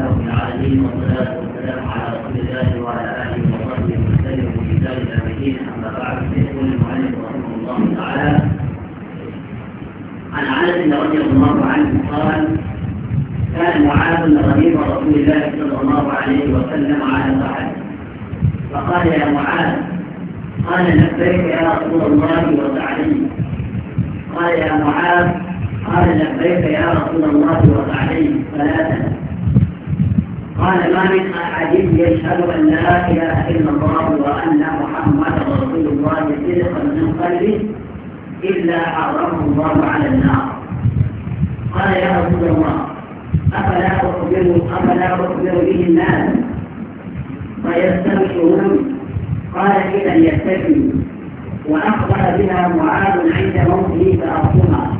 والصلاة والسلام على رسول الله وعلى آله وصحبه وسلم وكتاب الأمريكين أما بعد فيقول المؤلف رحمه الله تعالى عن علي رضي الله عنه قال كان معاذ غريب رسول الله صلى الله عليه وسلم على صحبه فقال يا معاذ قال لبيك يا رسول الله وسعدي قال يا معاذ قال لبيك يا رسول الله وسعدي ثلاثا قال ما من أحد يشهد أن لا إله إلا الله وأن محمدا رسول الله صدقا من قلبه إلا حرمه الله على النار قال يا رسول الله أفلا أخبر أفلا أخبر به الناس فيستبشرون قال إذا يستبشروا وأخبر بها معاذ عند موته فأخبرها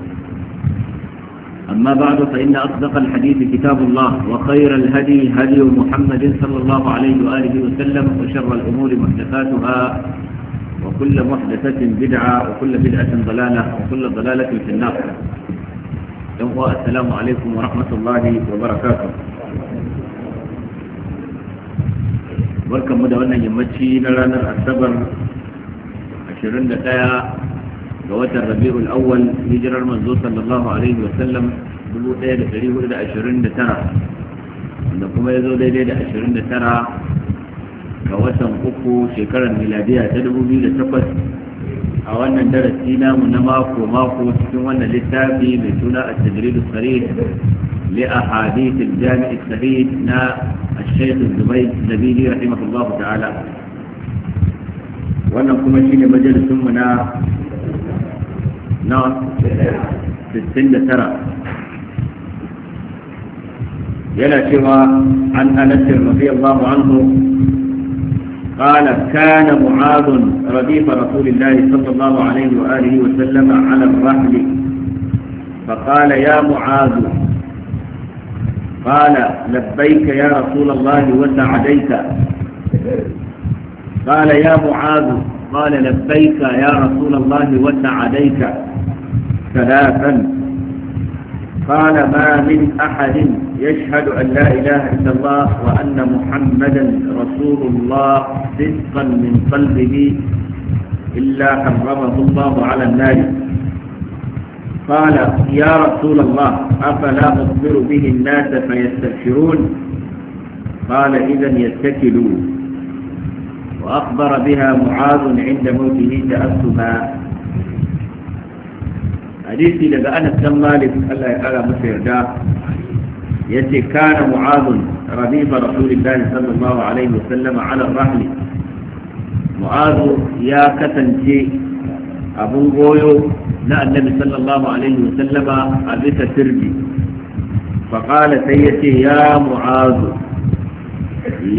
أما بعد فإن أصدق الحديث كتاب الله وخير الهدي هدي محمد صلى الله عليه وآله وسلم وشر الأمور محدثاتها وكل محدثة بدعة وكل بدعة ضلالة وكل ضلالة في النار السلام عليكم ورحمة الله وبركاته بركة مدى وانا يمتشي لنا السبر 21 فوتر الربيع الأول هجر المنزول صلى الله عليه وسلم بلو ليلة قريبه إلى عشرين سنة عندكم يزول ليلة إلى عشرين سنة فوسن قفو شكرا ميلادية تدبو بي لتقص أولنا درسينا من ماكو ماكو تكون لتابي من سنة التدريب الصريح لأحاديث الجامع السعيد نا الشيخ الزبيد النبيلي رحمه الله تعالى وانا كما شيني مجلس منا نعم. ترى يلا شوى عن أنس رضي الله عنه قال كان معاذ رديف رسول الله صلى الله عليه وآله وسلم على الرحل فقال يا معاذ قال لبيك يا رسول الله وسعديك قال يا معاذ قال لبيك يا رسول الله وسعديك ثلاثا قال ما من أحد يشهد أن لا إله إلا الله وأن محمدا رسول الله صدقا من قلبه إلا حرمه الله على النار قال يا رسول الله أفلا أخبر به الناس فيستبشرون قال إذا يتكلوا وأخبر بها معاذ عند موته تأثما hadisi daga anas dan malik Allah ya kara masa yarda yace kana mu'adun rabiba rasulillahi sallallahu alaihi wasallam ala rahli mu'adu ya kasance abun goyo na annabi sallallahu alaihi wasallama a bisa sirri faƙala sai ya ce ya mu'azu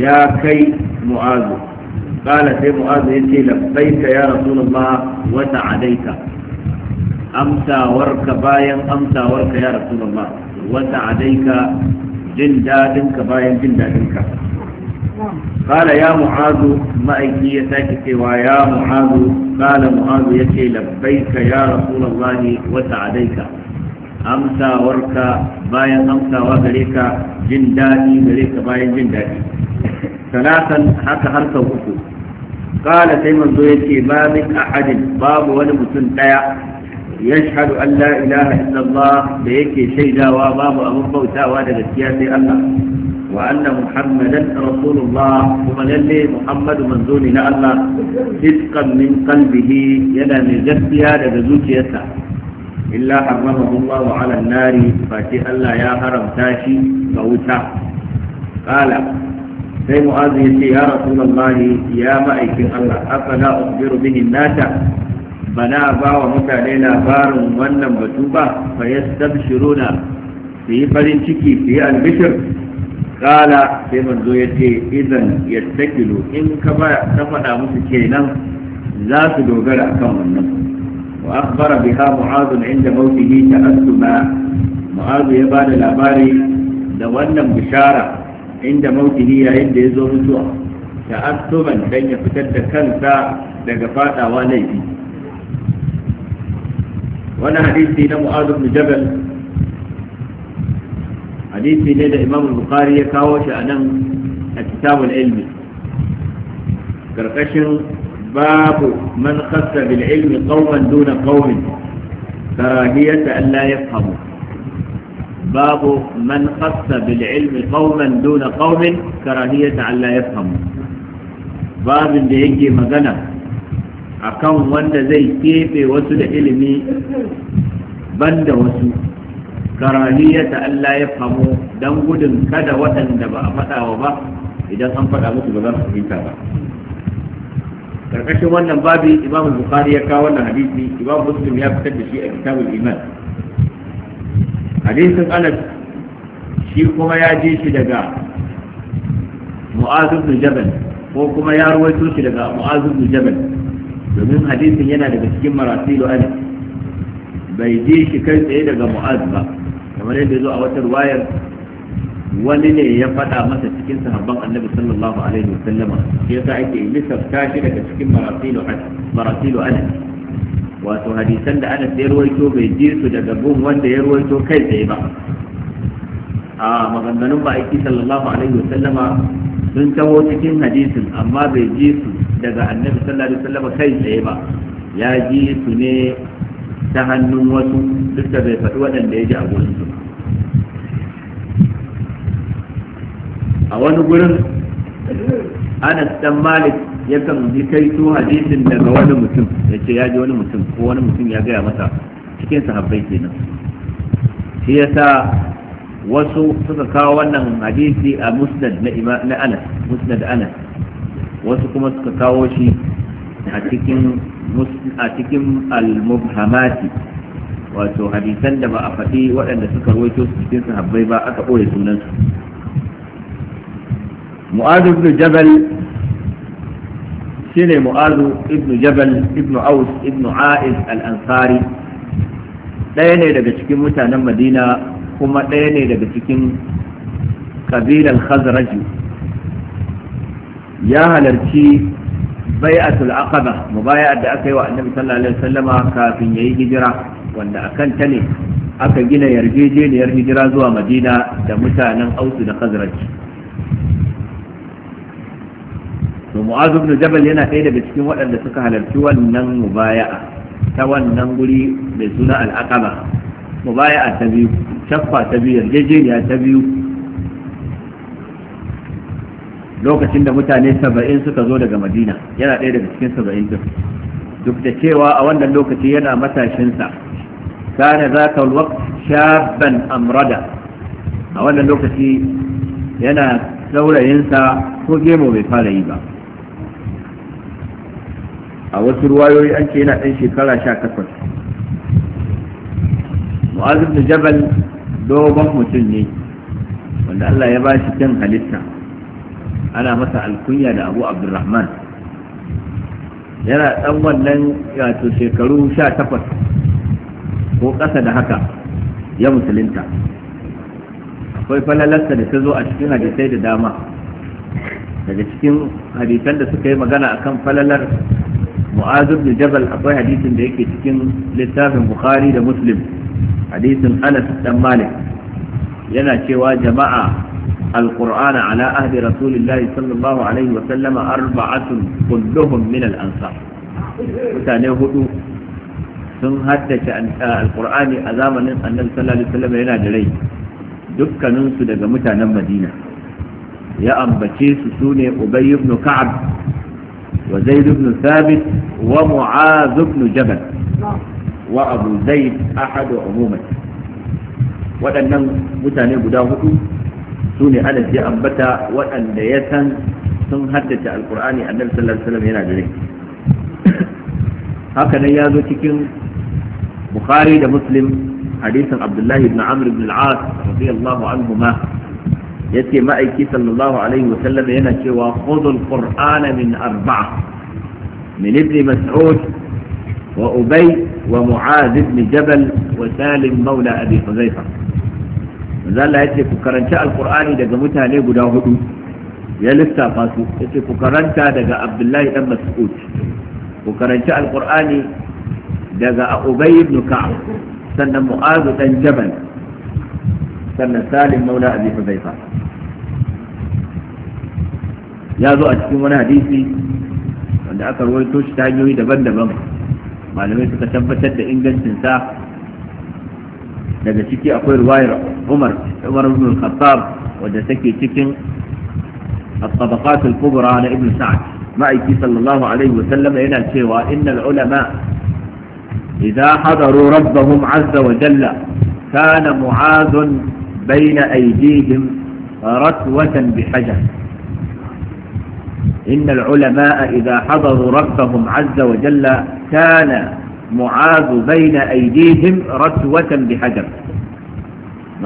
ya kai mu'azu ƙala sai mu'azu ya ce labbaika ya rasulullah wata adaika amsawarka bayan amsawarka ya rasu ba wata adaika jin dadinka bayan jin dadinka kala ya mu'azu ma'aiki ya sake cewa ya mu'azu kala mu'azu ya ce labbaika ya rasu ba ne wata adaika amsawarka bayan amsawa gare jin dadi gare bayan jin dadi talatan haka har uku kala sai manzo ya ce babin ahadin babu wani mutum ɗaya. yashhadu an la ilaha illallah da yake shaidawa babu abin bautawa da gaskiya sai Allah wa anna muhammadan rasulullah kuma lalle muhammadu manzo ne na Allah sidqan min ne yana mai gaskiya daga zuciyarsa illa haramahu Allah ala nari fati Allah ya haramta shi ga wuta qala sai mu'azi ya ce ya rasulullahi ya ma'aikin Allah Hassana, ukhbiru bihi nata bana ba wa mutane labarin wannan batu ba fa yastabshiruna su yi farin ciki su yi albishir kala sai manzo ya ce idan yattakilu in ka ta faɗa musu kenan za su dogara akan wannan wa akhbara biha mu'adh inda mautihi ta'assuma Mu'azu ya bada labari da wannan bishara inda mautihi yayin da ya zo mutuwa ta'assuman dan ya fitar da kansa daga fadawa laifi wani hadisi na mu'azu bin jabal hadisi ne da imam bukhari ya kawo shi a nan a kitabul ilmi karkashin babu man khassa bil ilmi qauman duna qaumin karahiyata an la yafhamu babu man khassa bil ilmi qauman duna qaumin karahiyata an la yafhamu babin da yake magana akan wanda zai kefe wasu da ilimi banda wasu karaliyata Allah ya famu don gudun kada waɗanda ba a wa ba idan an faɗa musu ba za su fahimta ba karkashin wannan babi imam bukhari ya kawo wannan hadisi imam muslim ya fitar da shi a kitabul iman hadisin anas shi kuma ya ji shi daga mu'az bin jabal ko kuma ya ruwaito shi daga mu'az bin jabal domin hadisin yana daga cikin marasilu ali bai ji shi kai tsaye daga mu'az ba kamar yadda zo a wata ruwayar wani ne ya faɗa masa cikin sahabban annabi sallallahu alaihi wa shi yasa ake lissafta shi daga cikin marasilu ali wato hadisan da ana ya ruwaito bai ji su daga gun wanda ya ruwaito kai tsaye ba a maganganun ba'aiki sallallahu alaihi wa sallama sun taho cikin hadisin amma bai ji su daga annabi sallallahu alaihi wasallam kai tsaye ba ya ji su ne ta hannun wasu duk da bai faɗi waɗanda ya ji a gurin su a wani gurin anas dan malik yakan ji kai hadisin daga wani mutum ya ce ya ji wani mutum ko wani mutum ya gaya masa cikin sahabbai kenan shi yasa wasu suka kawo wannan hadisi a musnad na anas musnad anas wasu kuma suka kawo shi a cikin almuhamati al-mubhamati wato hadisan da ba a faɗi waɗanda suka rawaito su cikin sahabbai ba aka ɓoye sunansu mu'azu ibn jabal shine mu'azu ibn jabal ibn aus ibn ais al-ansari ɗaya ne daga cikin mutanen madina kuma ɗaya ne daga cikin kabilar khazraju ya halarci bai'atul aqaba mubaya'ar da aka yi wa annabi sallallahu alaihi wasallama kafin yayi hijira wanda kan ta ne aka gina yarjejeniyar hijira zuwa madina da mutanen ausu da khazraj to mu'azu ibn jabal yana ɗaya daga cikin waɗanda suka halarci wannan mubaya'a ta wannan guri mai suna al-aqaba mubaya'a ta biyu shaffa ta biyu yarjejeniya ta biyu lokacin da mutane saba'in suka zo daga madina yana ɗaya daga cikin saba'in din duk da cewa a wannan lokaci yana matashinsa kana za ka waqt amrada a wannan lokaci yana saurayinsa ko gemo bai fara yi ba a wasu ruwayoyi an ce yana ɗan shekara sha takwas mu'azib da jabal dogon mutum ne wanda Allah ya ba shi kyan halitta ana masa alkunya da abu abdulrahman yana ɗan wannan wato shekaru sha takwas ko ƙasa da haka ya musulunta akwai falalarsa da ta zo a cikin hadisai da dama daga cikin hadisan da suka yi magana a kan falalar mu'azu da jabal akwai hadisin da yake cikin littafin bukhari da muslim hadisin anas dan malik yana cewa jama'a القرآن على أهل رسول الله صلى الله عليه وسلم أربعة كلهم من الأنصار mutane hudu sun haddace alkur'ani a zamanin annabi sallallahu alaihi wasallam yana da rai dukkaninsu daga mutanen madina ya ambace su sune ubay ibn ka'ab wa zaid ibn thabit wa mu'az ibn jabal wa abu zaid wa umumati waɗannan mutane guda hudu su ne anas ya ambata waɗanda ya san sun haddace alkur'ani annabi sallallahu alaihi wasallam yana da rai haka nan ya zo cikin bukhari da muslim hadisin abdullahi ibn amr ibn al-as radiyallahu anhuma yace ma'aiki sallallahu alaihi wasallam yana cewa khudhu al min arba'a min ibn mas'ud wa ubay wa mu'adh ibn jabal wa salim mawla abi manzo Allah ya ce ku karanci alqur'ani daga mutane guda hudu ya lissafa su ya ce ku karanta daga abdullahi dan mas'ud ku karanci alqur'ani daga ubay ibn ka'ab sannan mu'azu dan jabal sannan salim maula abi hudayfa ya zo a cikin wani hadisi wanda aka rawaito shi ta hanyoyi daban-daban malamai suka tabbatar da ingancinsa daga ciki akwai ruwayar umar umar ibn al-khattab wanda take cikin at-tabaqat al-kubra ala ibn sa'd ma'aiki sallallahu alaihi wa sallam yana cewa innal ulama idza hadaru rabbahum azza wa jalla kana mu'az bayna aydihim ratwatan bihajar innal ulama العلماء hadaru rabbahum azza wa jalla kana mu'azu بين aidihim ratwatan بحجر ما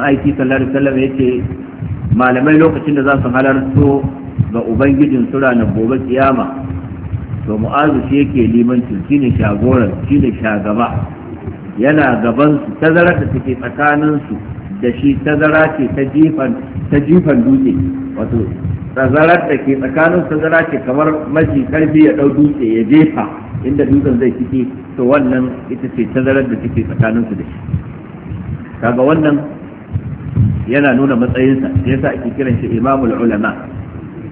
ma'aiki sallallahu alaihi wasallam yace malamai lokacin da za su halarto ga ubangijin su ranar gobe kiyama to mu'azu shi yake limancin shine shagoran shine shagaba yana gaban su tazara da take tsakanin su da shi tazara ce ta jifan ta jifan dutse wato da ke tsakanin tazara ce kamar maji karfi ya dau dutse ya jefa inda dutsen zai cike to wannan ita ce tazarar da take su da shi kaga wannan yana nuna matsayinsa shi yasa ake kiran shi imamul ulama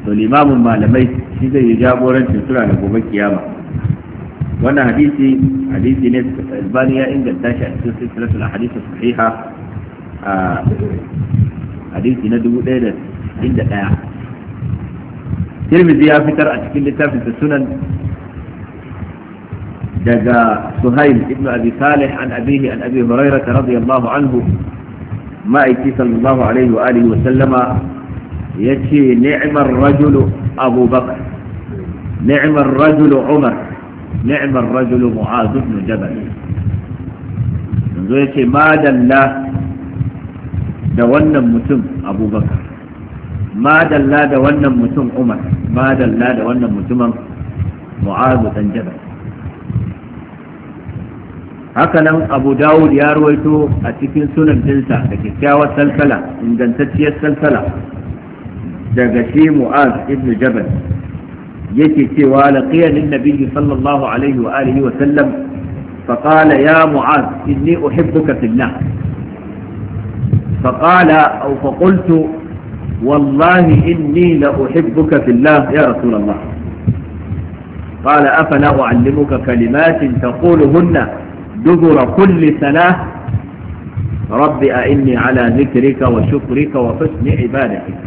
to limamin malamai shi zai yi jagorancin sura da gobe kiyama wannan hadisi hadisi ne albani ya inganta shi a cikin silsilatul hadisi sahiha a hadisi na dubu ɗaya da inda ɗaya tirmidhi ya fitar a cikin littafin sunan daga suhail ibn abi salih an abihi an abi hurairah radiyallahu anhu ma'aiki sallallahu alaihi wa alihi wa sallama yace ni'mar rajulu abu bakr rajulu umar ni'mar rajulu mu'az ibn jabal yanzu yace madalla da wannan mutum abubakar madalla da wannan mutum umar madalla da wannan mutumin mu'azu dan jabal hakanan abu dawud ya ruwaito a cikin sunan dinsa da kyakkyawar salsala ingantacciyar salsala daga shi mu'az ibn jabal yake cewa laqiya lin nabiyyi sallallahu alaihi wa alihi wa sallam fa qala ya mu'az inni uhibbuka fillah fa qala aw fa qultu wallahi inni la uhibbuka fillah ya rasul allah قال أفلا أعلمك كلمات تقولهن دبر كل سنة رب أئني على ذكرك وشكرك وحسن عبادتك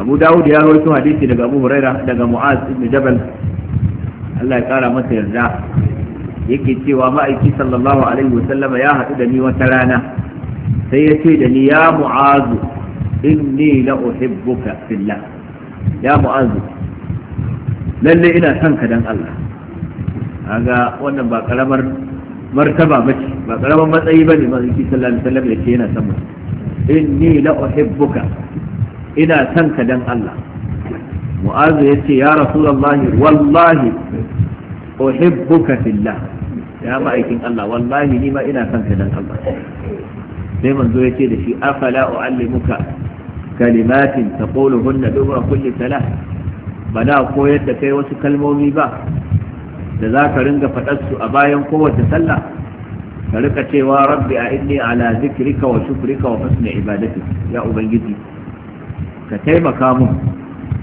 أبو داود يا رويتو حديثي لك أبو هريرة لك معاذ بن جبل الله تعالى مثل ذا يكتي ومائكي صلى الله عليه وسلم يا هدني وتلانا سيسيدني يا معاذ إني لأحبك في الله يا معاذ للي إلى سنك الله kaga wannan ba karamar martaba ba ce ba karamar matsayi bane manzo sallallahu alaihi wasallam yake yana san In ni la uhibbuka ina son ka dan Allah mu'azu ce ya rasulullahi wallahi uhibbuka fillah ya ma aikin Allah wallahi ni ma ina son ka dan Allah sai manzo ce da shi afala uallimuka kalimatin taquluhunna dubra kulli salah bana koyar da kai wasu kalmomi ba da za ka ringa faɗarsu a bayan kowace sallah ka rika cewa rabbi a inni ala zikrika wa shukrika wa husni ibadati ya ubangiji ka taimaka mun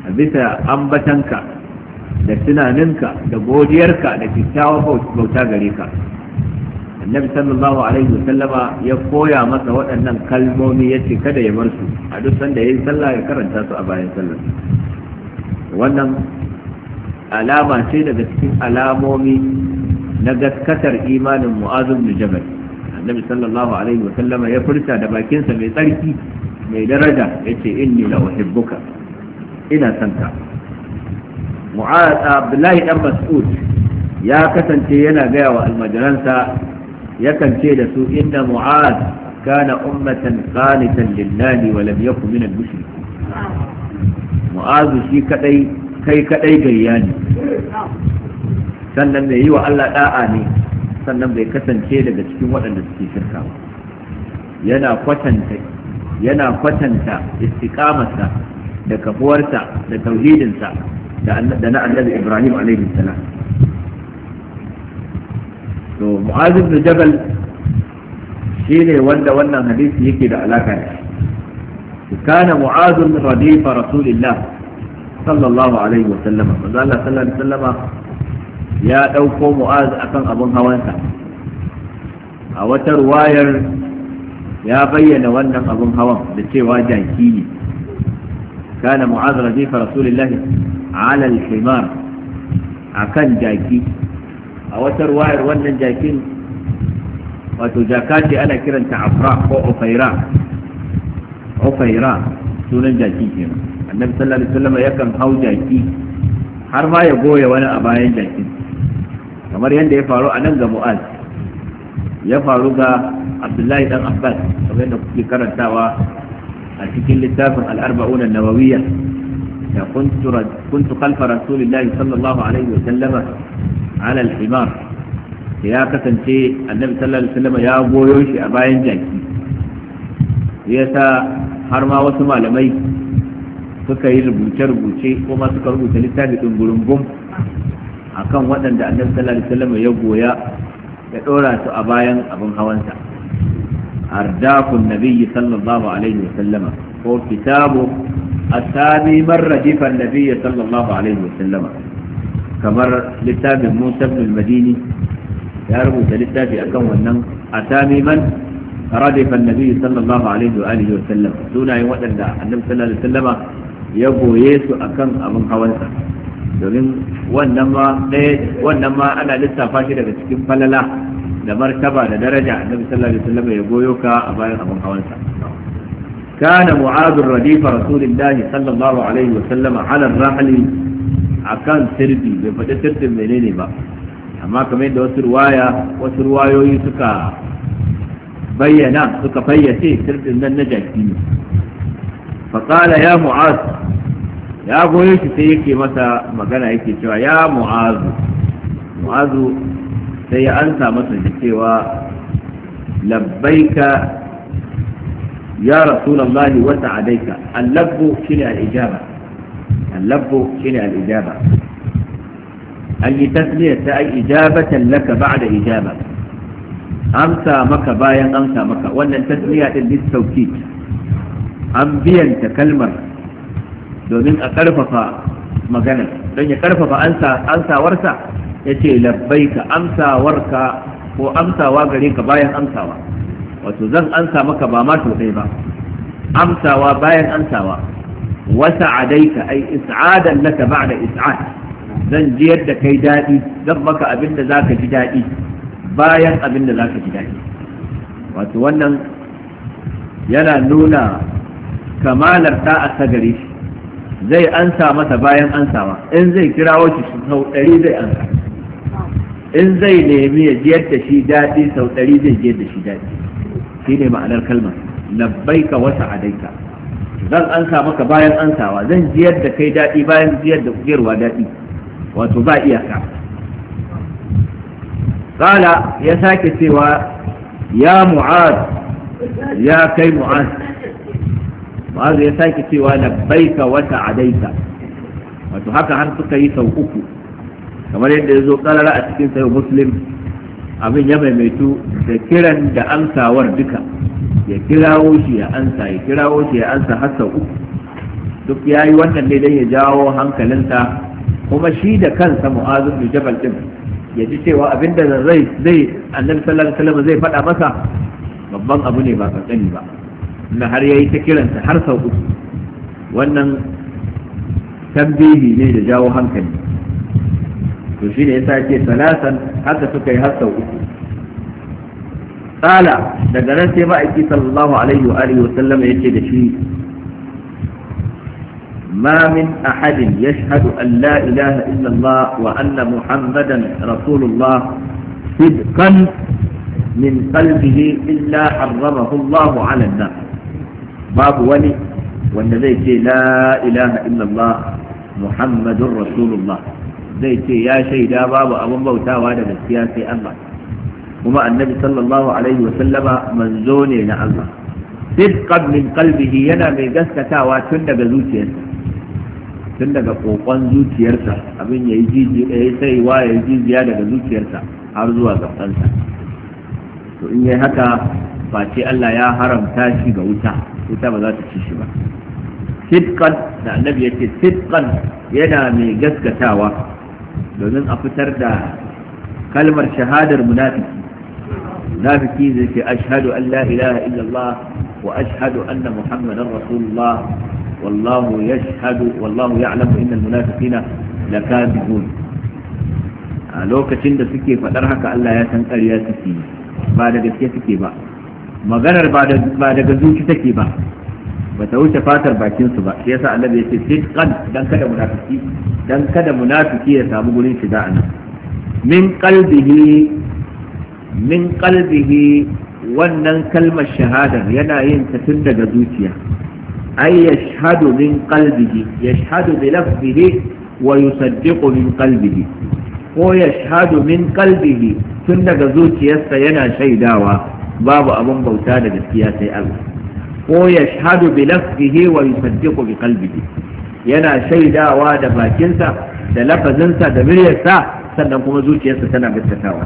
a bisa ambatanka da tunaninka da godiyarka da kyakkyawan bauta gare ka annabi sallallahu alaihi wasallama ya koya masa waɗannan kalmomi ya ce kada ya bar su a duk sanda ya yi sallah ya karanta su a bayan sallah wannan alama ce daga cikin alamomi na gaskatar imanin mu'azu bin jabal annabi sallallahu alaihi ya furta da bakinsa mai tsarki mai daraja yace inni la uhibbuka ina son ka mu'az abdullahi dan mas'ud ya kasance yana gaya wa almajiransa yakan ce da su inda mu'az kana ummatan qanitan lillahi wa lam yakun min al-mushrikin mu'az shi kadai kai kadai gayya ne sannan mai yi wa Allah da'a ne sannan bai kasance daga cikin waɗanda suke shirka ba yana kwatanta yana kwatanta istiqamarsa da kafuwarsa da tauhidinsa da na annabi Ibrahim alaihi salam to Mu'az ibn Jabal shine wanda wannan hadisi yake da alaka da shi kana Mu'az radifa Rasulillah sallallahu alaihi wa sallama manzo Allah sallallahu alaihi wa sallama ya dauko mu'az akan abin hawansa a wata ruwayar ya bayyana wannan abun hawan da cewa jaki ne kana mu'az radifa rasulillahi ala al-himar akan jaki a wata ruwayar wannan jakin wato jaka ce ana kiranta afra ko ofaira ofaira sunan jaki kenan annabi sallallahu alaihi wasallam yakan hau jaki har ma ya goya wani a bayan jakin kamar yadda ya faru a nan ga mu'az ya faru ga abdullahi dan abbas kamar yadda kuke karantawa a cikin littafin al'arba'una nawawiyya da kuntu kalfa rasulillahi sallallahu alaihi wa sallama ala al-himar ya kasance annabi sallallahu alaihi wasallam ya goyo shi a bayan jaki ya sa har ma wasu malamai suka yi rubuce-rubuce kuma suka rubuta littafi ɗin gurungun a kan waɗanda annabi sallallahu alaihi ya goya ya ɗora su a bayan abin hawansa ardakun nabiyyi sallallahu alaihi wasallama ko kitabu asabi marrajifa nabiyyi sallallahu alaihi wasallama kamar littafin musa ibn madini ya rubuta littafi akan wannan asami man radifan النبي sallallahu alaihi عليه وآله وسلم سنة ودن النبي صلى الله عليه ya goye su akan abin hawansa domin wannan ma ɗaya wannan ma ana lissafa shi daga cikin falala da martaba da daraja annabi sallallahu alaihi wasallam ya goyo ka a bayan abin hawansa kana mu'adh radifa rasulillah sallallahu alaihi wasallam ala rahli akan sirbi bai faɗi sirbin menene ba amma kamar yadda wasu ruwaya wasu ruwayoyi suka bayyana suka fayyace sirbin nan na jaki ne faƙala ya mu'az ya goyo shi sai yake masa magana yake cewa ya mu'azu mu'azu sai ya ansa masa da cewa labbaika ya rasulullahi wa ta'adaika allabbu shine al shine al-ijaba an tasmiyar ta ai ijabatan laka ba'da ijaba amsa maka bayan amsa maka wannan an biyanta kalmar domin a ƙarfafa magana, don ya ƙarfafa amsawarsa ya ce labbai ka amsawarka ko amsawa gare ka bayan amsawa wato zan amsa maka ba ma sosai ba amsawa bayan amsawa wasa adaika ai is'adan laka ba'da is'ad zan ji yadda kai daɗi zan maka abin da zaka ji daɗi bayan abin da zaka ji daɗi wato wannan yana nuna kamalar ta gare shi zai ansa masa bayan ansawa in zai kirawo shi sau ɗari zai ansa in zai nemi ya jiyar da shi daɗi sau ɗari zai jiyar da shi daɗi shi ne ma'anar kalmar labbaika wasa adaika zan ansa maka bayan ansawa zan jiyar da kai daɗi bayan jiyar da kujerwa daɗi wato ba iyaka qala ya sake cewa ya mu'az ya kai mu'az ma'azu ya sake cewa labbaika wata adaita wato haka har suka yi sau uku kamar yadda ya zo karara a cikin sayo muslim abin ya maimaitu da kiran da ansawar duka ya kirawo shi ya ansa ya kirawo shi ya ansa har sau uku duk ya yi wannan ne don ya jawo hankalinsa kuma shi da kansa mu'azin da jabal din ya ji cewa abin da zai annabi sallallahu alaihi wasallam zai faɗa masa babban abu ne ba ka tsani ba na har yayi ta kiransa har sau uku wannan tambihi ne da jawo hankali to shi ne yasa ce salasan haka suka yi har sau uku tsala daga nan sai ma'aiki sallallahu alaihi wa alihi wa sallam yace da shi ما من أحد يشهد أن لا إله إلا الله وأن محمدا رسول الله صدقا من قلبه إلا حرمه الله على النار babu wani wanda zai ce la ilaha illallah muhammadun rasulullah zai ce ya shaida babu abin bautawa da gaskiya sai Allah kuma annabi sallallahu alaihi wa sallama manzo ne na Allah sidqan min qalbihi yana mai gaskatawa tun daga zuciyarsa tun daga kokon zuciyarsa abin yayi jiji yayi saiwa yayi jijiya daga zuciyarsa har zuwa gabansa to in yayi haka face Allah ya haramta shi ga wuta wuta ba za ta ci shi ba sidqan da annabi yana mai gaskatawa domin a fitar da kalmar shahadar munafiki munafiki zai ce ashhadu an la ilaha illallah wa ashhadu anna muhammadar rasulullah wallahu yashhadu wallahu ya'lamu lakadibun a lokacin da suke faɗar haka Allah ya san ƙarya suke ba da gaske suke ba maganar ba daga zuci take ba ba ta wuce fatar bakin su ba yasa annabi ya ce sidqan dan kada munafiki dan kada munafiki ya samu gurin shiga anan min qalbihi min qalbihi wannan kalmar shahada yana yin ta tun daga zuciya ay yashhadu min qalbihi yashhadu bi lafzihi wa yusaddiqu min qalbihi ko yashhadu min qalbihi tun daga zuciyarsa yana shaidawa babu abin bauta da gaskiya sai Allah ko yashhadu bi lafzihi wa yusaddiqu bi qalbihi yana shaidawa da bakinsa da lafazinsa da miryarsa sannan kuma zuciyarsa tana gaskatawa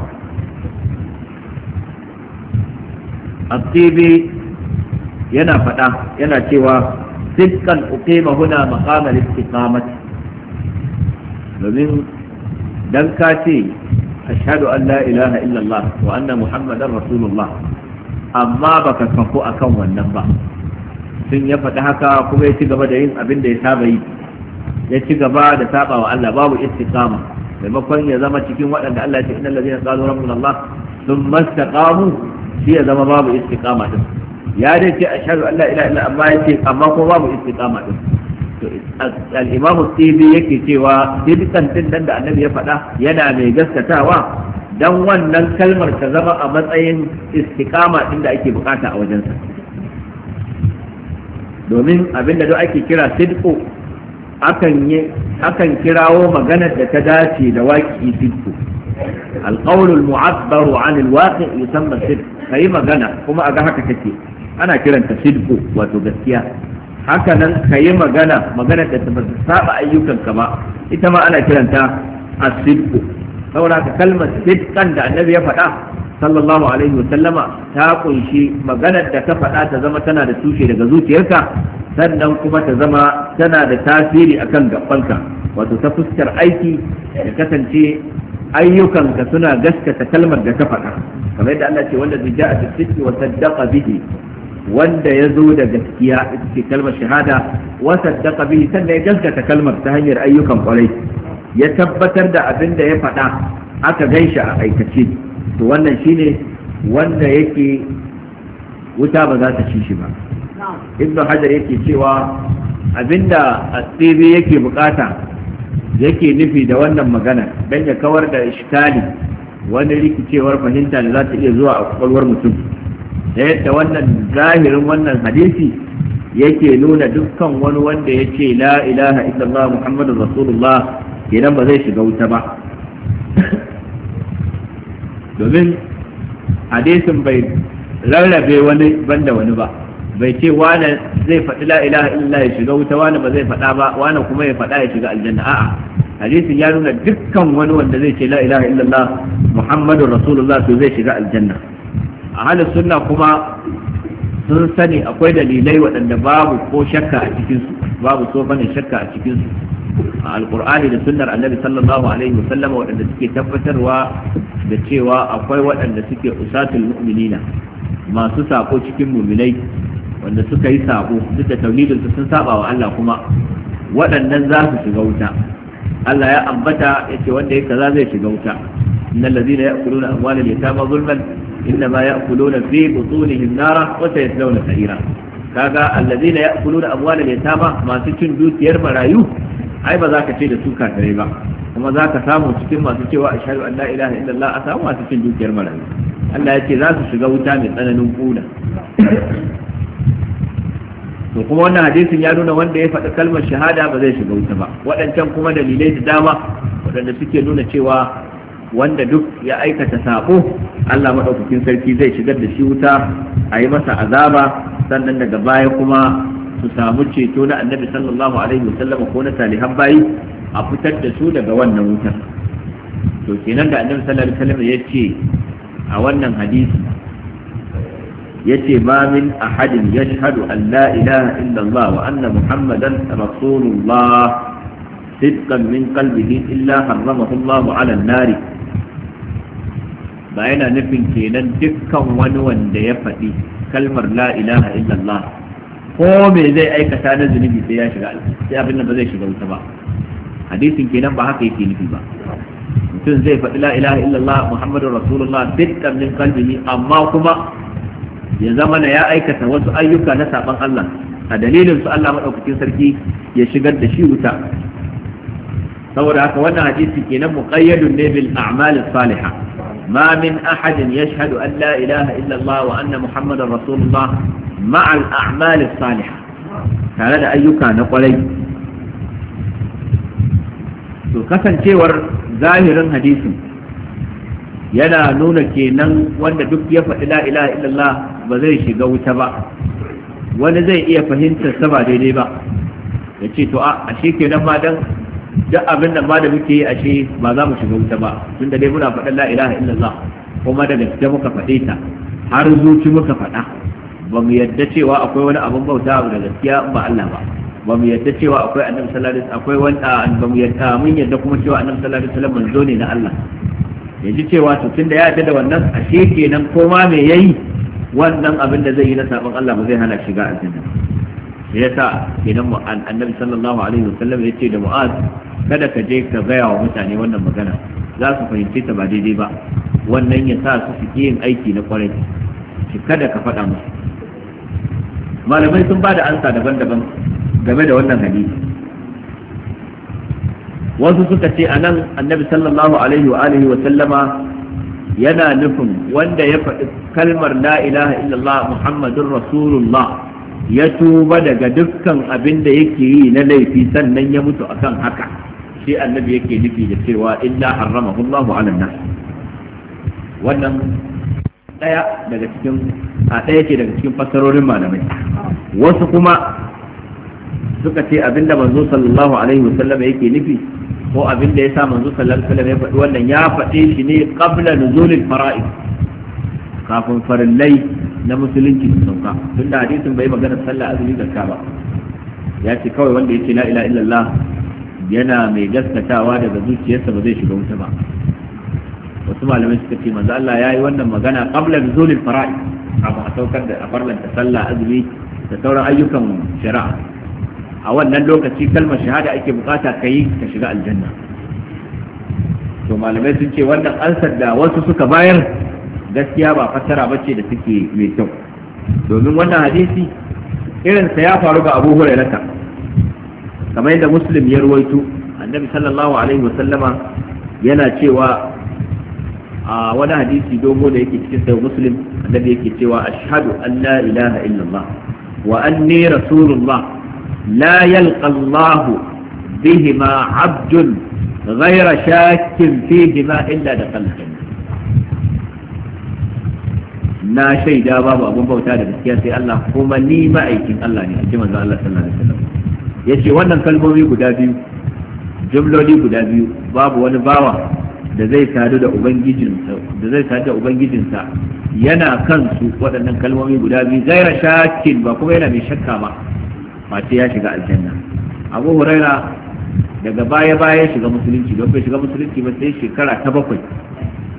Abdibi yana faɗa yana cewa dukkan uqima huna maqamal istiqamati domin dan ka ce ashhadu an la ilaha illallah wa anna muhammadar rasulullah amma ba ka baka a kan wannan ba sun ya faɗi haka kuma ya ci gaba da yin abin da ya saba yi ya ci gaba da saba wa Allah babu istiqama maimakon ya zama cikin waɗanda Allah ya ce inna ladina qalu rabbuna Allah thumma istaqamu shi ya zama babu istiqama din ya dai ce ashhadu an la ilaha illa amma yace amma ko babu istiqama din to al-imamu tibi yake cewa dukkan din da annabi ya faɗa yana mai gaskatawa don wannan kalmar ta zama a matsayin istiƙama inda ake bukata a wajensa domin abinda duk ake kira sidko akan kirawo maganar da ta dace da waƙi sidko alƙaunul mu'abbaru an alwaƙi musamman sidko ka yi magana kuma a ga haka take ana kiranta sidko wato gaskiya haka nan ka yi magana maganar da ta saba ayyukanka ba ita ma ana kiranta asidko saura ka kalmar sidqan da annabi ya faɗa sallallahu alaihi wasallama ta kunshi maganar da ka faɗa ta zama tana da tushe daga zuciyarka sannan kuma ta zama tana da tasiri akan gabanka wato ta fuskar aiki da kasance ayyukanka suna gaskata kalmar da ka faɗa kamar yadda Allah ce wanda bija a sidqi wa saddaqa bihi wanda ya zo da gaskiya ita ce kalmar shahada wa saddaqa bihi sannan ya gaskata kalmar ta hanyar ayyukan kwarai ya tabbatar da abin da ya faɗa aka shi a aikace to wannan shine wanda yake wuta ba za ta ci shi ba Ibn hajar yake cewa abinda asibi yake bukata yake nufi da wannan magana don ya kawar da iskali wani rikicewar fahimta da za ta iya zuwa a kwakwalwar mutum da yadda wannan zahirin wannan hadisi yake nuna dukkan wani wanda ya ce la ilaha illallah muhammadu rasulullah kenan ba zai shiga wuta ba domin hadisin bai rarrabe wani banda wani ba bai ce wane zai faɗi la ilaha illa ya shiga wuta wane ba zai faɗa ba wane kuma ya faɗa ya shiga aljanna a'a hadisin ya nuna dukkan wani wanda zai ce la ilaha illallah muhammadun rasulullah to zai shiga aljanna a halin sunna kuma sun sani akwai dalilai waɗanda babu ko shakka a cikinsu babu so bane shakka a cikinsu A alkur'ani da sunnar annabi sallallahu alaihi wasallam waɗanda suke tabbatarwa da cewa akwai waɗanda suke usatul mu'minina masu sako cikin mu'minai wanda suka yi sako duk da tauhidin su sun saba wa Allah kuma waɗannan za su shiga wuta Allah ya ambata yace wanda ya za zai shiga wuta innal ladina ya'kuluna amwalal yatama zulman innama ya'kuluna fi butunihim nara wa sayaslawna sa'ira kaga alladina ya'kuluna amwalal yatama masu cin dukiyar marayu ai ba za ka ce da su kafirai ba kuma za ka samu cikin masu cewa a shahadu Allah ilaha illallah a samu masu cin dukiyar marayu Allah ya ce za su shiga wuta mai tsananin kuna to kuma wannan hadisin ya nuna wanda ya faɗi kalmar shahada ba zai shiga wuta ba waɗancan kuma dalilai da dama waɗanda suke nuna cewa wanda duk ya aikata sabo Allah maɗaukakin sarki zai shigar da shi wuta a yi masa azaba sannan daga baya kuma su samu ceto na annabi sallallahu alaihi wasallam ko na salihan bayi a fitar da su daga wannan wutar to kenan da annabi sallallahu alaihi wasallam ya ce a wannan hadisi ya ce ma min ahadin yashhadu an la ilaha illallah wa anna muhammadan rasulullah صدقا من قلبه إلا حرمه الله على النار ba yana nufin kenan dukkan wani wanda ya faɗi kalmar la ilaha illallah ko me zai aikata na zunubi sai ya shiga sai abin nan ba zai shiga wuta ba hadisin kenan ba haka yake nufi ba mutum zai faɗi la ilaha illallah muhammadur rasulullah dukkan min qalbihi amma kuma ya zama na ya aikata wasu ayyuka na saban Allah a dalilin su Allah madaukakin sarki ya shigar da shi wuta saboda haka wannan hadisi kenan muqayyadun ne bil a'mal salihah ma min ahadin yashhadu an la ilaha illallah wa anna muhammadar rasulullah ma'al a'malis salih tare da ayyuka na kwarai to kasancewar zahirin hadisin yana nuna kenan wanda duk ya faɗi la ilaha illallah ba zai shiga wuta ba wani zai iya fahimtar sa ba daidai ba ya ce to a ashe kenan ma dan duk abin da ma da muke yi ashe ba za mu shiga wuta ba tun dai muna faɗin la ilaha illallah kuma da gaske muka faɗe ta har zuci muka faɗa ba mu yadda cewa akwai wani abin bauta abu da gaskiya ba Allah ba ba mu yadda cewa akwai annabi sallallahu alaihi akwai wanda ah, ba mu yadda mun yadda kuma cewa annabi sallallahu alaihi wasallam manzo ne na Allah yaji cewa to tunda ya yadda da wannan ashe kenan ko ma me yayi wannan abin da zai yi na sabon Allah ba zai hana shiga aljanna shi yasa kenan mu annabi sallallahu alaihi wasallam yace da mu'az kada ka je ka gaya wa mutane wannan magana za su fahimci ta ba daidai ba wannan ya sa su fi yin aiki na kwarai kada ka faɗa musu malamai sun ba da ansa daban-daban game da wannan hadisi wasu suka ce anan annabi sallallahu alaihi wa alihi wa sallama yana nufin wanda ya faɗi kalmar la ilaha illallah muhammadun rasulullah ya tuba daga dukkan abin da yake yi na laifi sannan ya mutu akan haka shi annabi yake nufi da cewa illa harramahu Allahu ala nas wannan daya daga cikin a daya ce daga cikin fassarorin malamai wasu kuma suka ce abinda manzo sallallahu alaihi wasallam yake nufi ko abinda ya sa manzo sallallahu alaihi wasallam ya faɗi wannan ya faɗe shi ne qabla nuzulil fara'id kafin farillai na musulunci su sauka tunda hadisin bai magana sallah azumi zakka ba ya ce kawai wanda ya ce la ilaha illallah yana mai gaskatawa daga zuciyarsa ba zai shiga wuta ba wasu malamai suka ce manzo Allah yayi wannan magana qabla nuzulil fara'i kafin a saukar da a farlanta sallah azumi da sauran ayyukan shari'a a wannan lokaci kalmar shahada ake bukata kai ka shiga aljanna to malamai sun ce wannan ansar da wasu suka bayar gaskiya ba fassara bace da suke mai kyau domin wannan hadisi irin sa ya faru ga Abu Hurairah kamar yadda Muslim ya ruwaito annabi sallallahu alaihi sallama yana cewa a wani hadisi dogo da yake cikin sahih muslim annabi yake cewa ashhadu an la ilaha illallah wa anni rasulullah la yalqa Allah bihima 'abdun ghayra shakkin fihima illa da dakhala na shaida babu abun bauta da gaskiya sai Allah kuma ni aikin Allah ne a ji manzo Allah sallallahu alaihi wasallam yace wannan kalmomi guda biyu jumloli guda biyu babu wani bawa da zai sadu da ubangijinsa da zai sadu da ubangijinsa yana kansu waɗannan kalmomi guda biyu zaira shakin ba kuma yana mai shakka ba face ya shiga aljanna abu huraira daga baya baya shiga musulunci don bai shiga musulunci ba sai shekara ta bakwai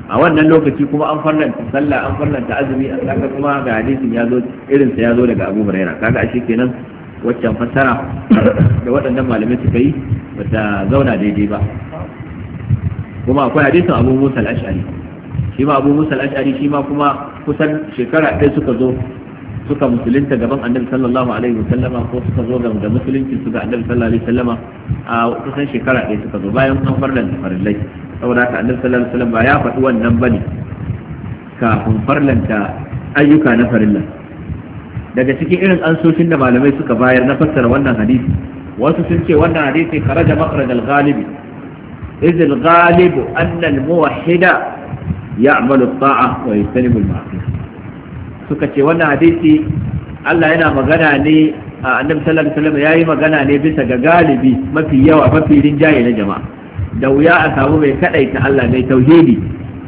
a wannan lokaci kuma an farlanta sallah an farlanta azumi a saka kuma ga hadisin ya zo irin sa ya zo daga Abu Huraira kaga ashe kenan waccan fassara da waɗannan malamai suka yi bata zauna daidai ba kuma akwai hadisin abu musa al shi ma abu musa al shi ma kuma kusan shekara ɗaya suka zo suka musulunta gaban annabi sallallahu alaihi wa sallama ko suka zo da musulunci su ga annabi sallallahu alaihi wa sallama a kusan shekara ɗaya suka zo bayan an farlan farillai saboda haka annabi sallallahu alaihi wasallam ba ya faɗi wannan bane kafin farlanta ayyuka na farilla daga cikin irin ansoshin da malamai suka bayar na fassara wannan hadisi wasu sun ce wannan hadisi kharaja makhraj al-ghalibi إذ الغالب أن الموحد يعمل الطاعة ويجتنب المعصية سكتي وانا حديثي Allah yana magana ne a annabi sallallahu alaihi wasallam yayi magana ne bisa ga galibi mafi yawa mafi rinjaye na jama'a da wuya a samu mai kadaita Allah mai tauhidi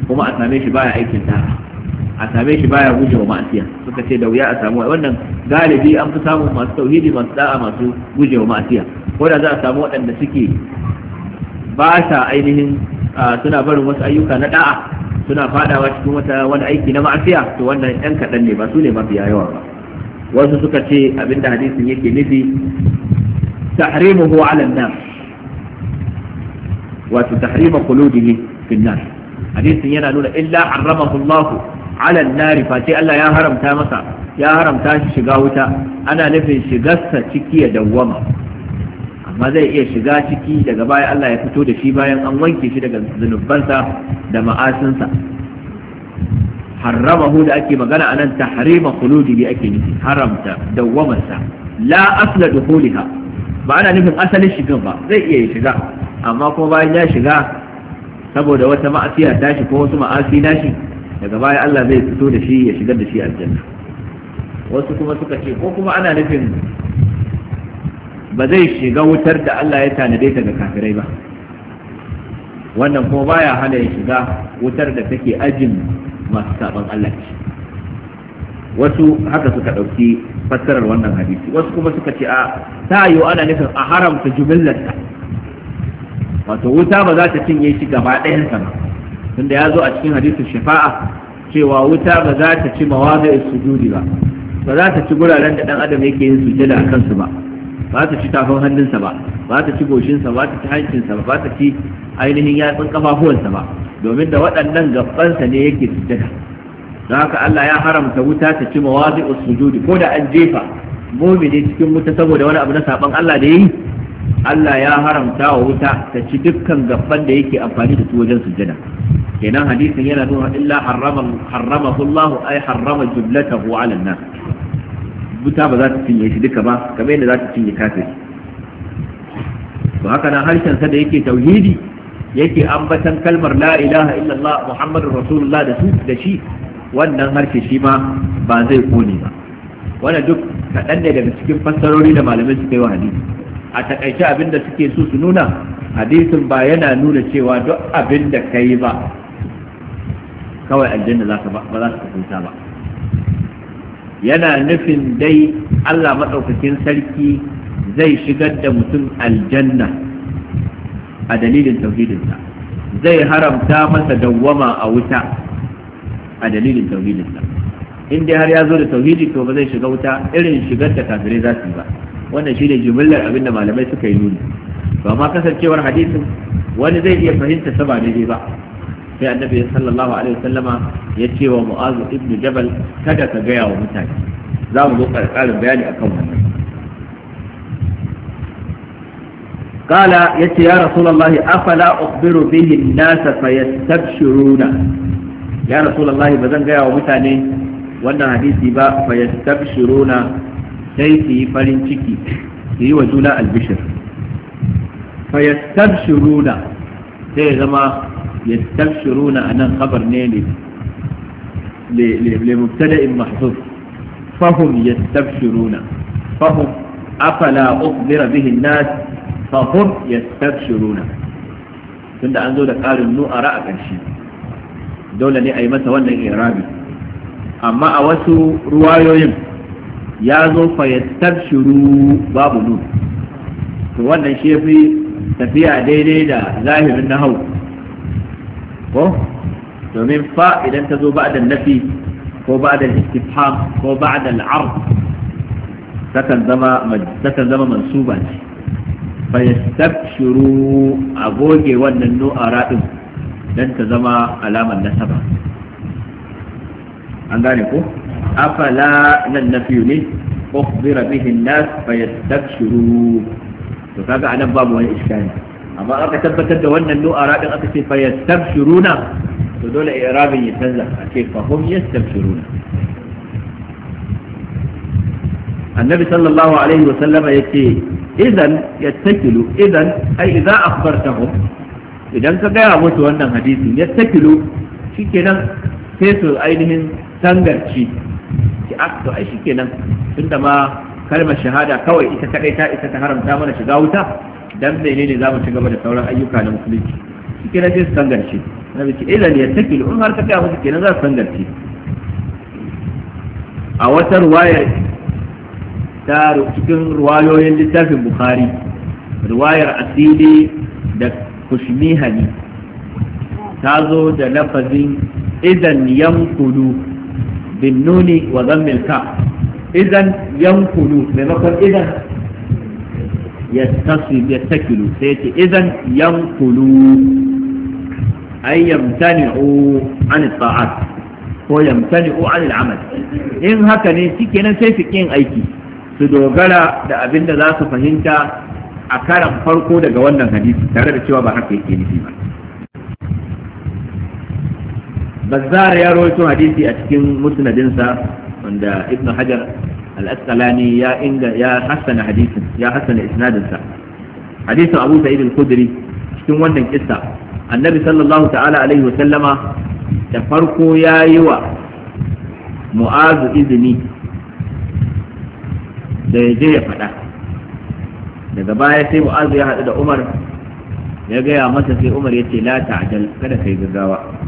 kuma a same shi baya aikin ta a same shi baya guje ma'asiya suka ce da wuya a samu wannan galibi an fi samun masu tauhidi masu masu ma'asiya ko da za a samu waɗanda suke ba sa ainihin suna barin wasu ayyuka na da'a suna fadawa cikin wata wani aiki na ma'asiya to wannan yan kaɗan ne ba su ne mafiya yawa ba wasu suka ce abinda hadisin yake nufi tahrimuhu ala an wato tahrima quludihi fi an hadisin yana nuna illa haramahu Allah ala an-nar fa sai Allah ya haramta masa ya haramta shi shiga wuta ana nufin shigarsa ciki ya dawwama amma zai iya shiga ciki daga baya Allah ya fito da shi bayan an wanke shi daga zunubansa da ma'asinsa harramahu da ake magana a nan ta kuludi khuludihi ake nufi haramta dawwamarsa la asla duhuliha ba ana nufin asalin shigan ba zai iya shiga amma kuma bayan ya shiga saboda wata ma'asiya tashi ko wasu ma'asi nashi daga baya Allah zai fito da shi ya shigar da shi aljanna wasu kuma suka ce ko kuma ana nufin ba zai shiga wutar da Allah ya tanade ta ga kafirai ba wannan ko baya hana ya shiga wutar da take ajin masu sabon Allah ce wasu haka suka ɗauki fassarar wannan hadisi wasu kuma suka ce a ta yiwu ana nufin a haramta jumillarta wato wuta ba za ta cinye shi gaba ɗayansa ba tunda ya zo a cikin hadisin shafa'a cewa wuta ba za ta ci mawazi'is sujudi ba ba za ta ci guraren da ɗan adam yake yin sujada a kansu ba ba ta ci tafin hannunsa ba ba ta ci goshinsa ba ta ci hancinsa ba ta ci ainihin yatsun kafafuwansa ba domin da waɗannan gabansa ne yake sujjada don haka Allah ya haramta wuta ta ci mawazi sujudi ko da an jefa mumini cikin wuta saboda wani abu na saban Allah da yi Allah ya haramta wa wuta ta ci dukkan gaban da yake amfani da su wajen sujjada kenan hadisin yana nuna illa harrama harramahu Allah ay harrama jublatahu ala an-nas wuta ba za ta cinye shi duka ba kamar yadda za ta cinye kafiri to haka nan harshen sa da yake tauhidi yake ambatan kalmar la ilaha illallah muhammadur rasulullah da su da shi wannan harshe shi ma ba zai kone ba wannan duk kaɗan ne daga cikin fassarori da malamai suka yi wa hadisi a takaice abin da suke so su nuna hadisin ba yana nuna cewa duk abin da ka yi ba kawai aljanna ba za ka kuta ba yana nufin dai Allah maɗaukakin sarki zai shigar da mutum aljanna a dalilin tauhidinsa zai haramta masa dawwama a wuta a dalilin tauhidinsa in dai har ya zo da tauhidi to ba zai shiga wuta irin shigar da kafirai za su yi ba wannan shine jimillar abin da malamai suka yi nuni Ba ma kasancewar hadisin wani zai iya fahimta saba daidai ba sai annabi sallallahu alaihi wasallama ya ce wa mu'azu ibnu jabal kada ka gaya wa mutane za mu zo ƙarin bayani akan wannan قال يتي يا رسول الله أفلا أخبر به الناس فيستبشرون يا رسول الله بزن جاء ومتاني وانا حديثي با فيستبشرون سيتي فلنشكي هي وجولا البشر فيستبشرون سيغما يستبشرون أنا خبر نيلي لمبتدأ محذوف فهم يستبشرون فهم أفلا أخبر به الناس فهم يستبشرون tun da an zo da ƙarin nu'ara a ƙarshe dole ne a yi masa wannan irabi amma a wasu ruwayoyin ya zo fayyantar shiru babu nun to wannan shi fi tafiya daidai da zahirin na hau ko domin fa idan ta zo ba ba'da nafi ko ba ba'da istifham ko ba'da al'ard takan zama takan zama mansuba ce fa ya yastabshiru a goge wannan nu'ara din dan ta zama alamar nasaba an gane ko afala nan nafiyu ne ukhbira bihi an-nas fa yastabshiru to kaga anan babu wani iskani amma aka tabbatar da wannan nu'ara din aka ce fa yastabshiruna to dole i'rabin ya canza a ce fa hum yastabshiruna annabi sallallahu alaihi wa sallama yace idan yattakilu idan ai idza akhbartahum idan ka gaya musu wannan hadisi yattakilu shikenan sai su ainihin tangarci ki akto ah, ai shikenan tunda ma kalmar shahada kawai ita kadai ta isa ta haramta mana shiga wuta dan menene ne zamu ci gaba da sauran ayyuka na musulunci shi na sai su sangarce na biki ce idan ya take in har ka kai musu kenan za su sangarce a wata ruwayar ta cikin ruwayoyin littafin bukhari ruwayar asili da kushmihani ta zo da lafazin idan yankulu bin nuni wa zammil ka idan yankulu maimakon idan takilu sai ce idan yankulu ay yamtani'u an ta'at ko yamtani'u an al'amal in haka ne shikenan sai su kin aiki su dogara da abin da za su fahimta a karan farko daga wannan hadisi tare da cewa ba haka yake nufi ba bazzara ya rawaito hadisi a cikin musnadinsa wanda ibn hajar al-asqalani ya inga ya hadisin ya hassana isnadin hadisin abu sa'id al-khudri cikin wannan kissa annabi sallallahu ta'ala alaihi wa sallama da farko ya yi wa mu'azu izini da ya je ya faɗa daga baya sai mu'azu ya haɗu da umar ya gaya masa sai umar ya ce la ta'jal kada kai gaggawa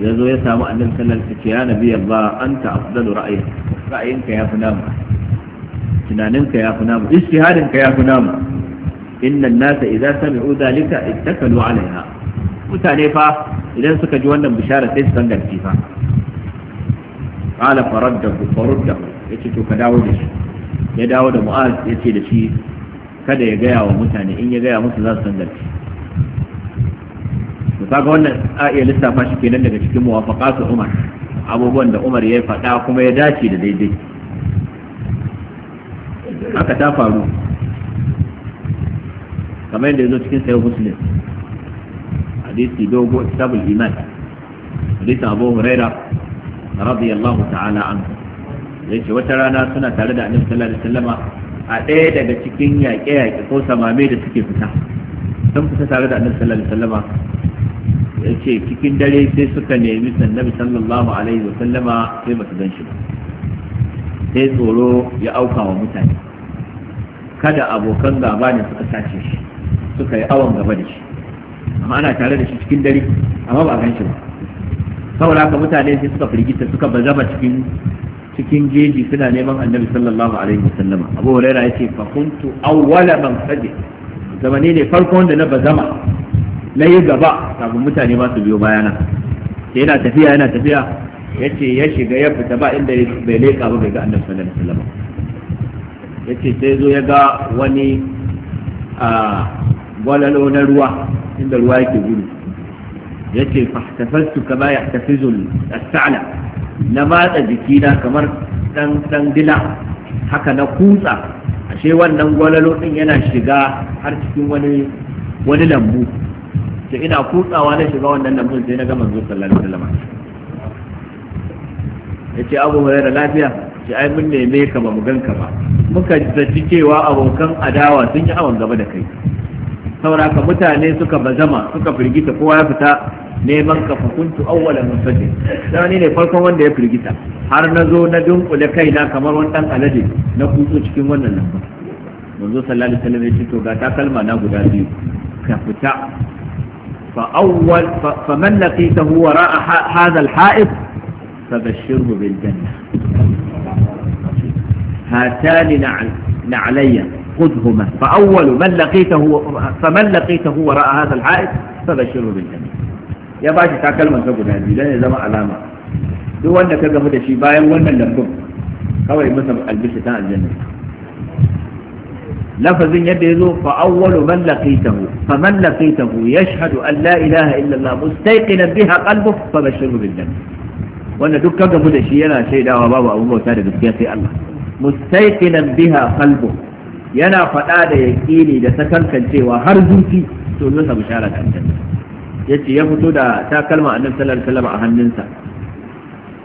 ya zo ya samu annabi sallar alaihi wasallam ya ba an anta afdalu ra'ayi ra'ayinka ya fi namu tunaninka ya fi namu ijtihadinka ya fi namu inna an-nasa idza sami'u dhalika ittakalu 'alayha mutane fa idan suka ji wannan bishara sai su san danganci fa qala faraddahu faraddahu yace to ka dawo da shi ya dawo da mu'az yace da shi kada ya gaya wa mutane in ya gaya musu za su san danganci kaga wannan a iya lissafa shi kenan daga cikin muwafaqatu Umar abubuwan da Umar ya faɗa kuma ya dace da daidai haka ta faru kamar yadda yazo cikin sayyid Muslim hadisi dogo tabul iman hadisi Abu Hurairah radiyallahu ta'ala anhu ce wata rana suna tare da Annabi sallallahu alaihi wasallama a ɗaya daga cikin yaƙe-yaƙe ko samame da suke fita sun fita tare da Annabi sallallahu alaihi wasallama ce cikin dare sai suka nemi annabi sallallahu alaihi wa sallama sai ba su gan shi ba sai tsoro ya auka wa mutane kada abokan gaba ne suka sace shi suka yi awon gaba da shi amma ana tare da shi cikin dare amma ba a gan shi ba saboda haka mutane sai suka firgita suka bazaba cikin cikin jeji suna neman annabi sallallahu alaihi wa sallama abu hurairah yace fa kuntu awwala man sajid zamani ne farkon da na bazama na yi gaba kafin mutane ba su biyo bayana sai yana tafiya yana tafiya ya ce ya shiga ya fita ba inda bai leƙa ba bai ga annabi sallallahu alaihi wasallam ya ce sai zo ya ga wani a gwalalo na ruwa inda ruwa yake gudu ya ce fahtafastu kama ya tafizu sa'ala na matsa jikina kamar dan dan dila haka na kutsa ashe wannan gwalalo din yana shiga har cikin wani wani lambu ce ina kutsawa na shiga wannan lambun sai na ga manzo sallallahu alaihi wasallam ce abu hurairah lafiya ce ai mun neme ka ba mu ganka ba muka zaci cewa abokan adawa sun yi awon gaba da kai sauraka mutane suka bazama suka firgita kowa ya fita neman ka fakuntu awwala munfajir dan ni ne farkon wanda ya firgita har na zo na dunkule kaina kamar wani dan alade na kutso cikin wannan lamba manzo sallallahu alaihi wasallam ya ce to ga takalma na guda biyu ka fita فأول فمن لقيته وراء هذا الحائط فبشره بالجنة هاتان نعلي خذهما فأول من لقيته فمن لقيته وراء هذا الحائط فبشره بالجنة يا باشا تاكل من تقول هذه لأن زما علامة دو أنك هذا شيء باين وأن لم kawai masa albishi الجنة lafazin yadda yazo fa awwalu man laqitahu fa man laqitahu yashhadu an la ilaha illa Allah mustayqinan biha qalbuhu fa bashirhu bil jannah wanda duk kaga da shi yana shaidawa babu abun bauta da gaskiya sai Allah mustayqinan biha qalbuhu yana faɗa da yaƙini da sakankancewa har zuci to zai samu shara da aljanna yace ya fito da takalma annabi sallallahu alaihi wasallam a hannunsa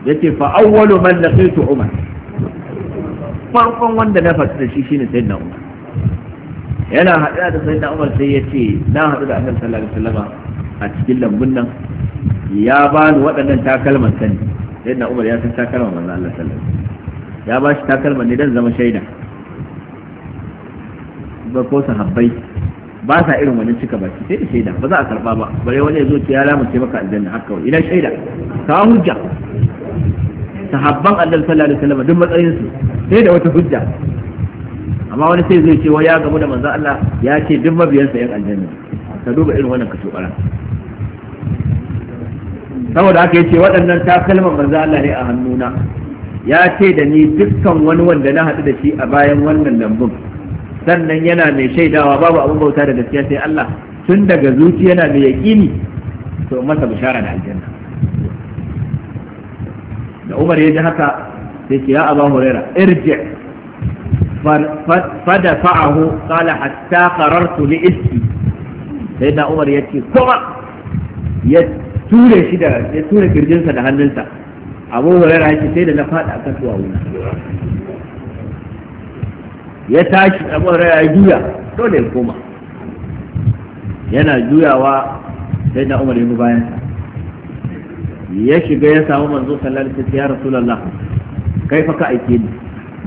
yace fa awwalu man laqitu umar farkon wanda na faɗi da shi shine sayyidina umar yana haɗa da sayyidina Umar sai ya ce na haɗu da Annabi sallallahu alaihi wasallam a cikin lambun nan ya bani waɗannan takalman sani sayyidina Umar ya san takalman manzo Allah sallallahu alaihi wasallam ya ba shi takalman ne dan zama shaida ba ko sahabbai ba sa irin wani cika baki sai da shaida ba za a karba ba bare wani ya zo ce ya lamunce maka aljanna haka wai ina shaida ka hujja sahabban annabi sallallahu alaihi wasallam duk matsayin su sai da wata hujja amma wani sai zai ce ya gamu da manzo Allah ya ce duk mabiyansa yan aljanna ka duba irin wannan kaso bara saboda haka yace waɗannan takalman manzo Allah ne a hannuna ya ce da ni dukkan wani wanda na haɗu da shi a bayan wannan lambun sannan yana mai shaidawa babu abin bauta da gaskiya sai Allah tun daga zuci yana mai yaƙini to masa bishara da aljanna da Umar ya ji haka sai ce ya Abu Hurairah irji' فدفعه قال حتى قررت لإسكي سيدنا عمر يتي كما يتولى شدا يتولى كرجنسا ده هننسا أبو هريرة يتي سيدنا نفاد أكتوا هنا يتاش أبو هريرة يجويا دولي الكوما yana juyawa sai na umar yanzu bayansa ya shiga ya samu manzo sallallahu alaihi wasallam ya rasulullah kai fa ka aike ni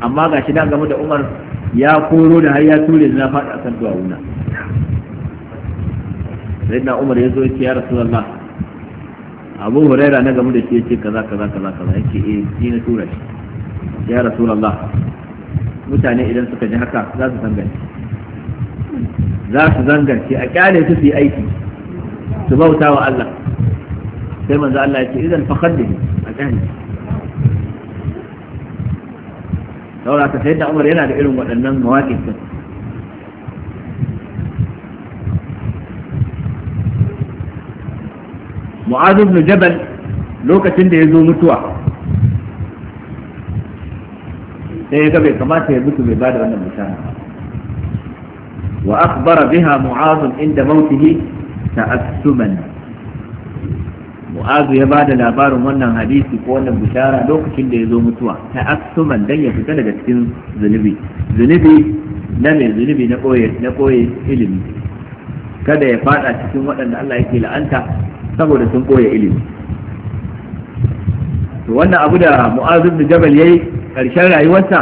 amma ga shi nan game da Umar ya koro da har ya ture na faɗi a kan duwawuna sai na Umar ya zo ya ce ya Rasulullah Abu Huraira na game da shi ya ce kaza kaza kaza kaza ya ce eh shi na tura shi ya Rasulullah mutane idan suka ji haka za su zangance za su zangance a kyale su su yi aiki su bauta wa Allah sai manzo Allah ya ce idan fakhaddihi a kyale saboda ka umar yana da irin waɗannan mawaƙin din mu'az ibn jabal lokacin da ya zo mutuwa sai ya ga bai kamata ya mutu bai bada wannan bishara wa akhbara biha mu'az inda mautihi ta'assuman mu'azu ya bada labarin wannan hadisi ko wannan bishara lokacin da ya zo mutuwa ta asuman dan ya fita daga cikin zunubi zunubi na mai zunubi na koye na koye ilimi kada ya fada cikin waɗanda Allah yake la'anta saboda sun koye ilimi to wannan abu da mu'azu bin jabal yayi karshen rayuwarsa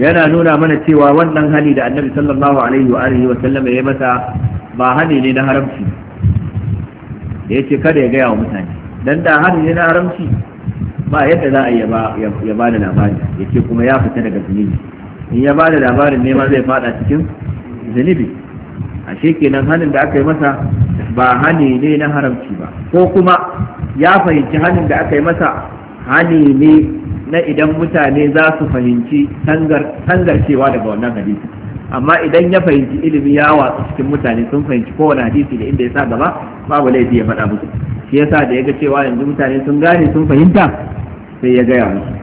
yana nuna mana cewa wannan hali da annabi sallallahu alaihi wa alihi wa sallama ya masa ba hali ne na haramci da yace kada ya gaya wa mutane dan da hannu ne na haramci ba yadda za a yi ya ba da labari ya ce kuma ya fita daga zunubi in ya ba da labarin ne ma zai fada cikin zunubi ashe kenan hannun da aka yi masa ba hani ne na haramci ba ko kuma ya fahimci hannun da aka yi masa hani ne na idan mutane za su fahimci tangarcewa daga wannan hadisi amma idan ya fahimci ilimi ya watsa cikin mutane sun fahimci kowane hadisi da inda ya sa gaba babu laifi ya faɗa musu shi yasa da ya ga cewa yanzu mutane sun gane sun fahimta sai ya gaya musu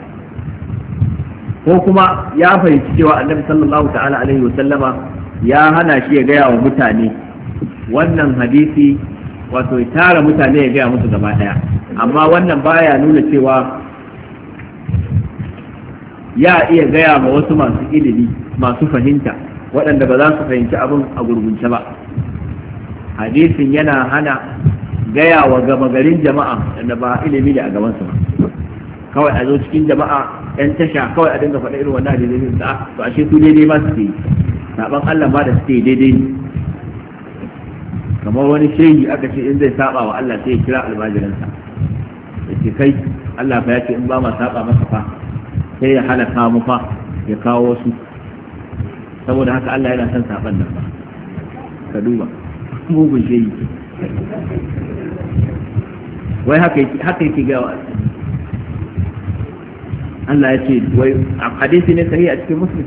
ko kuma ya fahimci cewa annabi sallallahu ta'ala alaihi wa sallama ya hana shi ya gaya wa mutane wannan hadisi wato ya tara mutane ya gaya musu gaba daya amma wannan baya nuna cewa ya iya gaya ma wasu masu ilimi masu fahimta waɗanda ba za su fahimci abin a gurgunce ba hadisin yana hana gaya wa gama garin jama'a da ba ilimi da a gabansa ba kawai a zo cikin jama'a yan tasha kawai a dinga faɗa irin wannan hadisi da to ashe su daidai ma yi saban Allah ba da su yi daidai ne kamar wani shehi aka ce in zai saba wa Allah sai ya kira almajiransa yace kai Allah fa yace in ba ma saba masa fa sai ya halaka mu fa ya kawo su saboda haka Allah yana son saban nan ba ka duba mugun shehi wai haka yake gawa yake ga Allah ya ce wai a hadisi ne sahi a cikin muslim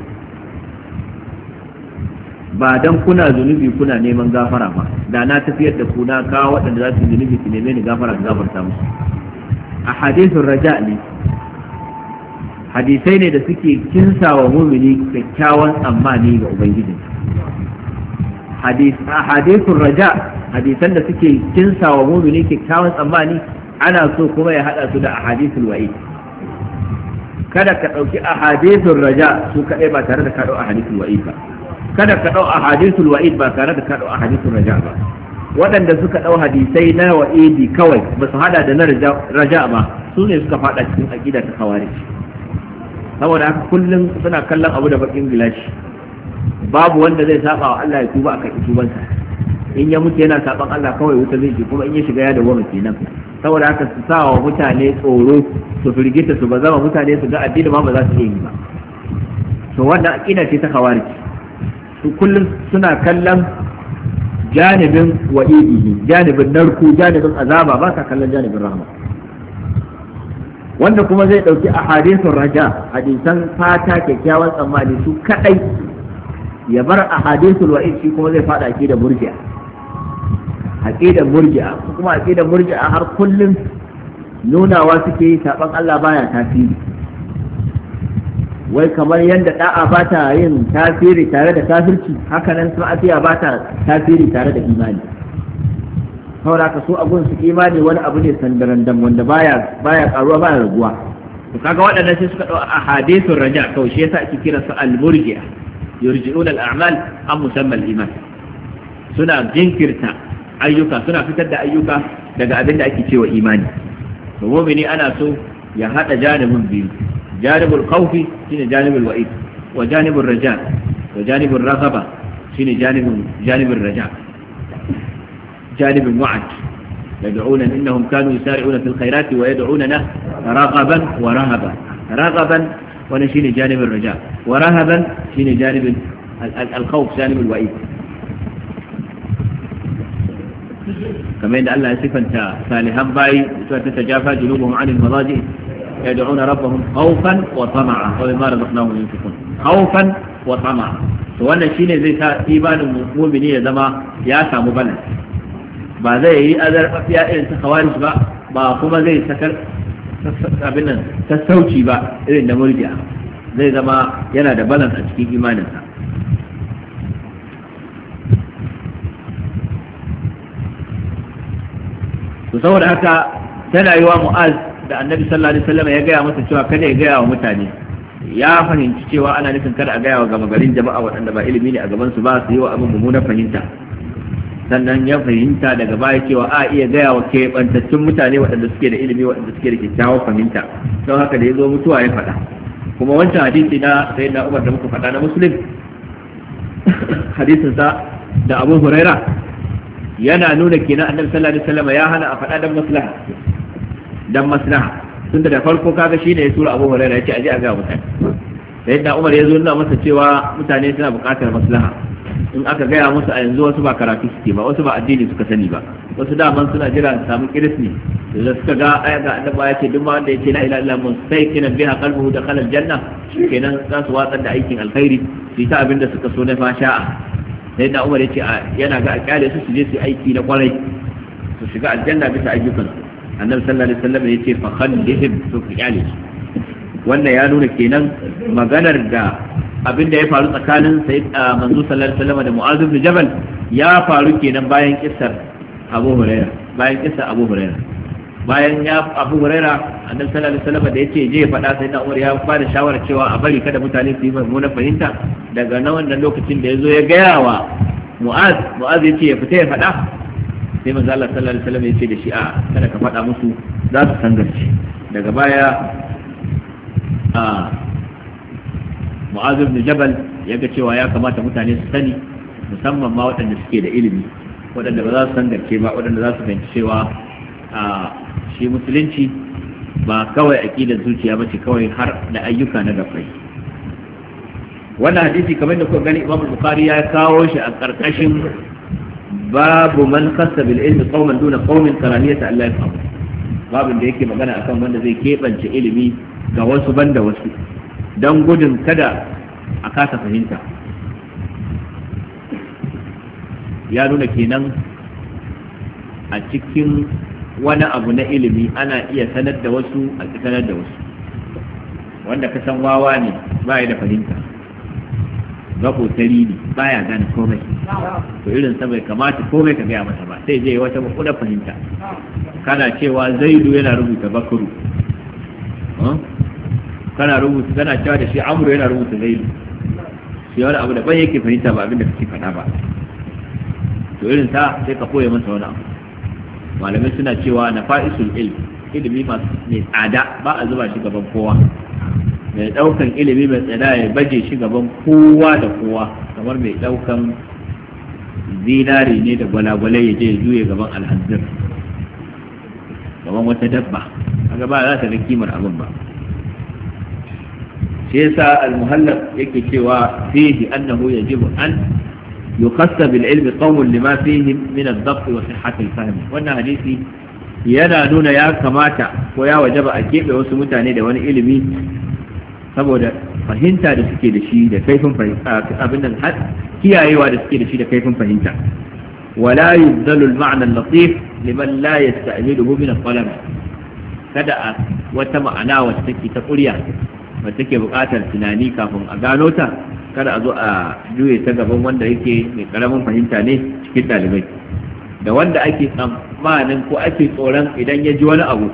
ba dan kuna zunubi kuna neman gafara ba da na tafiyar da ku na kawo waɗanda za su zunubi su neme ni gafara ga gafarta musu a hadisin raja ne hadisai ne da suke kinsawa mumini kyakkyawan tsammani ga ubangiji hadisin raja hadisan da suke kinsa wa mumini kyakkyawan tsammani ana so kuma ya hada su da ahadithul wa'id kada ka dauki ahadithul raja su kadai ba tare da ka dau ahadithul wa'id ba kada ka dau ahadithul wa'id ba tare da ka dau ahadithul raja ba waɗanda suka dau hadisai na wa'idi kawai ba su hada da na raja ba su ne suka fada cikin aqida ta khawarij saboda haka kullum suna kallon abu da bakin gilashi babu wanda zai saba wa Allah ya tuba akan tubansa in ya mutu yana saɓan Allah kawai wuta zai ji kuma in ya shiga ya dawwama kenan saboda haka su sa wa mutane tsoro su firgita su ba zama mutane su ga addini ma ba za su iya yi ba to wannan aqida ce ta khawarij su kullum suna kallon janibin wa'idihi janibin narku janibin azaba ba sa kallon janibin rahama wanda kuma zai dauki ahadithun raja hadisan fata kyakkyawan tsammani su kadai ya bar ahadithul wa'id shi kuma zai fada ki da murji'a aqidar murji'a kuma aqidar murji'a har kullum nunawa suke yi saban Allah baya tasiri wai kamar yadda da'a ba ta yin tasiri tare da kafirci haka nan sa'atiya ba ta tasiri tare da imani saboda ka so abun su imani wani abu ne sandarandan wanda baya baya karuwa baya raguwa to kaga waɗannan sai suka dau ahadithur raja to shi yasa ake kira su al-murji'a yurji'una al-a'mal am musamma al-iman suna jinkirta ayyuka suna fitar da ayyuka daga abin da ake cewa imani mu'mini ana so ya hada janibin biyu janibul khawfi shine janibul wa'id wa janibul raja wa janibul raghaba shine janibin janibin raja janibin wa'ad yad'una innahum kanu yusari'una fil khairati wa yad'unana raghaban wa rahaban raghaban wa shine janibin raja wa rahaban shine janibin al-khawf janibul wa'id kamar yadda Allah ya sifanta salihan bayi cewa ta tajafa junubuhum anil madaji yad'una rabbahum khawfan wa tama'a wa bima razaqnahum yunfiqun khawfan wa tama'a to wannan shine zai sa imanin mu'mini ya zama ya samu balance ba zai yi azarfafiya irin ta ba ba kuma zai sakar abin sassauci ba irin da murji'a zai zama yana da balance a cikin imaninsa to saboda haka tana yi mu'az da annabi sallallahu alaihi wasallam ya gaya masa cewa kada ya gaya wa mutane ya fahimci cewa ana nufin kada a gaya wa gama garin jama'a waɗanda ba ilimi ne a gaban su ba su yi wa abin na fahimta sannan ya fahimta daga baya cewa a iya gaya wa keɓantattun mutane waɗanda suke da ilimi waɗanda suke da kyakkyawar fahimta don haka da ya zo mutuwa ya faɗa kuma wancan hadisi na sayyid na umar da muka faɗa na muslim hadisin sa da abu huraira yana nuna kenan annabi sallallahu alaihi wasallam ya hana a faɗa dan maslaha dan maslaha tunda da farko kaga shine ya tura Abu Hurairah ya ce aje a ga mutane sai da Umar ya zo nuna masa cewa mutane suna buƙatar maslaha in aka gaya musu a yanzu wasu ba karatu suke ba wasu ba addini suka sani ba wasu daman suna jira su samu kiris ne da suka ga aya ga annaba ya ce duk ma wanda ya ce la ilaha illallah sai kinan biha qalbuhu kalal janna. kenan za su watsar da aikin alkhairi su ta abinda suka so na fasha'a sai na umar yace yana ga a kyale su su je su aiki na kwarai su shiga aljanna bisa ayyukan annabi sallallahu alaihi wasallam yace fa khallihim su kyale wannan ya nuna kenan maganar da abin da ya faru tsakanin sai manzo sallallahu alaihi da mu'adh ibn jabal ya faru kenan bayan kissar abu hurairah bayan kissar abu hurairah bayan ya abu huraira annabi sallallahu alaihi wasallam da yace je faɗa sai da umar ya ba da shawara cewa a bari kada mutane su yi mummunan fahimta daga na wannan lokacin da ya zo ya gaya wa mu'az mu'az yace ya fita ya faɗa sai manzo Allah sallallahu alaihi wasallam yace da shi a kada ka faɗa musu za su san gaske daga baya a mu'az ibn jabal yaga cewa ya kamata mutane su sani musamman ma waɗanda suke da ilimi waɗanda ba za su san gaske ba waɗanda za su fahimci cewa shi musulunci ba kawai aƙidar zuciya ba ce kawai har da ayyuka na gafai wannan hadisi kamar da kuka gani imam bukhari ya kawo shi a ƙarƙashin babu man khassa bil ilmi qauman duna qaumin karaniyata Allah ya babin da yake magana akan wanda zai keɓance ilimi ga wasu banda wasu don gudun kada a kasa fahimta ya nuna kenan a cikin wani abu na ilimi ana iya sanar da wasu a sanar da wasu wanda ka san wawa ne ba ya da fahimta ba tari ne ba ya gane komai to irin sa bai kamata komai ka gaya masa ba sai zai wata makudan fahimta kana cewa zaidu yana rubuta bakuru kana rubuta kana cewa da shi amuru yana rubuta zaidu shi wani abu da ban yake fahimta ba abin da kake faɗa ba to irin sa sai ka koya masa wani abu malamai suna cewa na fa'isul ilm ilimi mai tsada ba a zuba shi gaban kowa mai daukan ilimi mai tsada ya baje shi gaban kowa da kowa kamar mai daukan zinari ne da gwalagwalai ya je ya juye gaban alhazir gaban wata dabba kaga ba za ta ga kimar abin ba shi yasa al-muhallab yake cewa fihi annahu yajibu an يخص بالعلم قوم لما فيهم من الضبط وصحة الفهم وانا حديثي yana nuna ya kamata ko ya wajaba a keɓe wasu mutane da wani ilimi saboda fahimta da suke da shi da kaifin fahimta abin da kiyayewa da suke da shi da kaifin fahimta wala yubdalu al-ma'na al-latif liman la yasta'miluhu min al kada a wata ma'ana wacce ta ƙurya wacce take buƙatar tunani kafin a gano ta kada a zo a juye ta gaban wanda yake mai karamin fahimta ne cikin ɗalibai da wanda ake tsammanin ko ake tsoron idan ya ji wani abu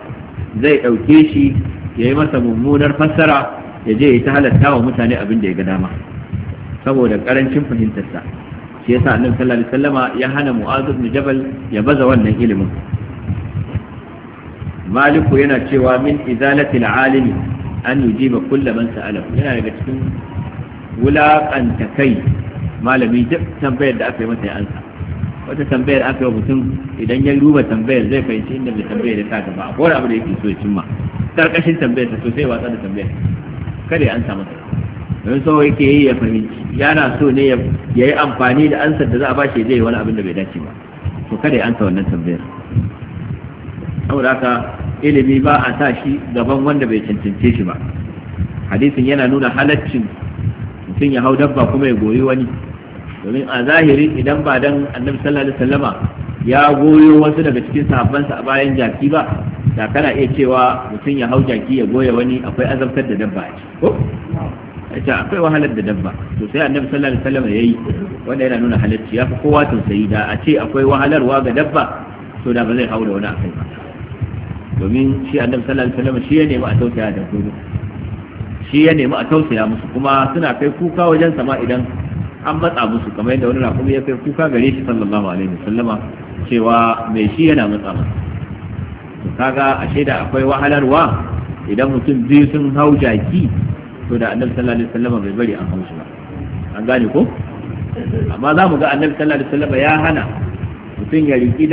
zai ɗauke shi ya yi masa mummunar fassara ya je ya ta halatta wa mutane abin da ya ga dama saboda karancin fahimtarsa shi yasa annabi sallallahu alaihi wasallama ya hana mu'azu ibn jabal ya baza wannan ilimin maliku yana cewa min izalati al'alimi an yujiba kullu man sa'alahu yana daga cikin wulaƙanta kai malami duk tambayar da aka yi masa ya ansa wata tambayar aka yi mutum idan ya duba tambayar zai fahimci inda mai tambayar ya sa ba a kowar abu da yake so ya cimma karkashin tambayar ta sosai wasa da tambayar kada ya ansa masa don so yake yi ya fahimci yana so ne ya yi amfani da ansar da za a bashi zai wani abin da bai dace ba to kada ya ansa wannan tambayar saboda haka ilimi ba a sa shi gaban wanda bai cancance shi ba hadisin yana nuna halaccin mutum ya hau dabba kuma ya goyi wani domin a zahiri idan ba dan annabi sallallahu alaihi wasallama ya goyo wasu daga cikin sahabbansa a bayan jaki ba da kana iya cewa mutum ya hau jaki ya goya wani akwai azabtar da dabba ko ita akwai wahalar da dabba to sai annabi sallallahu alaihi wasallama yayi wanda yana nuna halarci ya fi kowa tausayi da a ce akwai wahalarwa ga dabba to da ba zai haura wani akai ba domin shi annabi sallallahu alaihi wasallama shi ya nemi a tausaya da dabbobi. shi ya nemi a tausaya musu kuma suna kai kuka wajen sama idan an matsa musu kamar yadda wani raƙumi ya kai kuka gare shi sallallahu alaihi wasallama cewa mai shi yana matsa musu kaga a shaida akwai wahalarwa idan mutum biyu sun hau jaki to da annabi sallallahu alaihi wasallama bai bari an hau shi ba an gane ko amma za mu ga annabi sallallahu alaihi wasallama ya hana mutum ya riki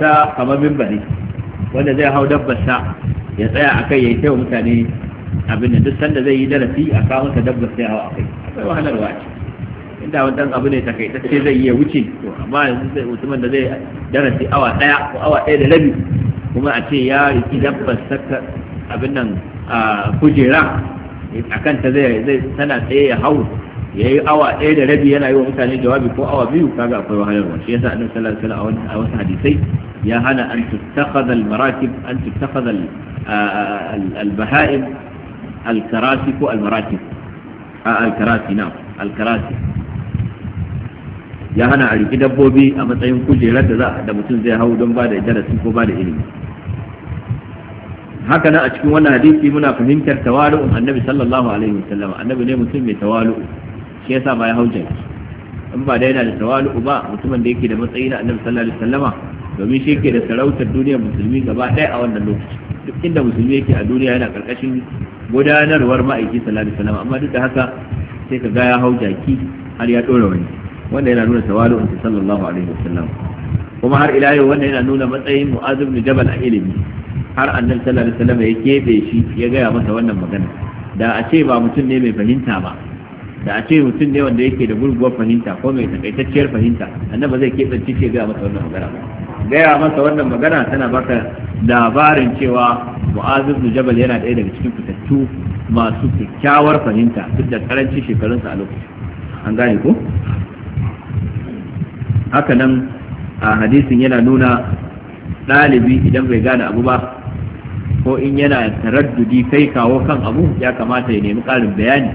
sa kamar mimbari wanda zai hau sa ya tsaya akai ya yi wa mutane abin da duk sanda zai yi darasi a kawo ta dabbar sai hawa akai akwai wahalar ce inda wani abu ne takaitacce zai iya wuce to amma yanzu sai mutumin da zai darasi awa daya ko awa daya da rabi kuma a ce ya riki dabbar saka abin nan a kujera akan ta zai zai tana tsaye ya hau ya yi awa ɗaya da rabi yana yi wa mutane jawabi ko awa biyu kaga akwai wahalar shi yasa annabi sallallahu alaihi wasallam a wasu hadisai ya hana an tuttakhadha al-maratib an tuttakhadha al-baha'im alkarasi ko almarati a alkarasi na alkarasi ya hana a riki dabbobi a matsayin kujerar da za da mutum zai hau don ba da darasi ko ba da ilimi haka nan a cikin wannan hadisi muna fahimtar tawalu'un annabi sallallahu alaihi wasallam annabi ne mutum mai tawalu'u shi yasa ba ya hau jaki in ba da yana da tawalu'u ba mutumin da yake da matsayi na annabi sallallahu alaihi wasallama domin shi ke da sarautar duniyar musulmi gaba ɗaya a wannan lokaci duk inda musulmi yake a duniya yana karkashin gudanarwar ma'aiki salatu salam amma duk da haka sai ka ga ya hau jaki har ya ɗora wani wanda yana nuna tawalu'un ta sallallahu alaihi wasallam kuma har ila yau wanda yana nuna matsayin mu'az ibn jabal a ilimi har annabi sallallahu alaihi wasallam ya kebe shi ya gaya masa wannan magana da a ce ba mutum ne mai fahimta ba da a ce mutum ne wanda yake da gurguwar fahimta ko mai takaitacciyar fahimta annabi zai shi ya gaya masa wannan magana ba gaya masa wannan magana tana baka labarin cewa mu'azu jabal yana ɗaya daga cikin fitattu masu kyakkyawar fahimta duk da karancin shekarunsa a lokacin an gane ko haka nan a hadisin yana nuna ɗalibi idan bai gane abu ba ko in yana taraddudi kai kawo kan abu ya kamata ya nemi ƙarin bayani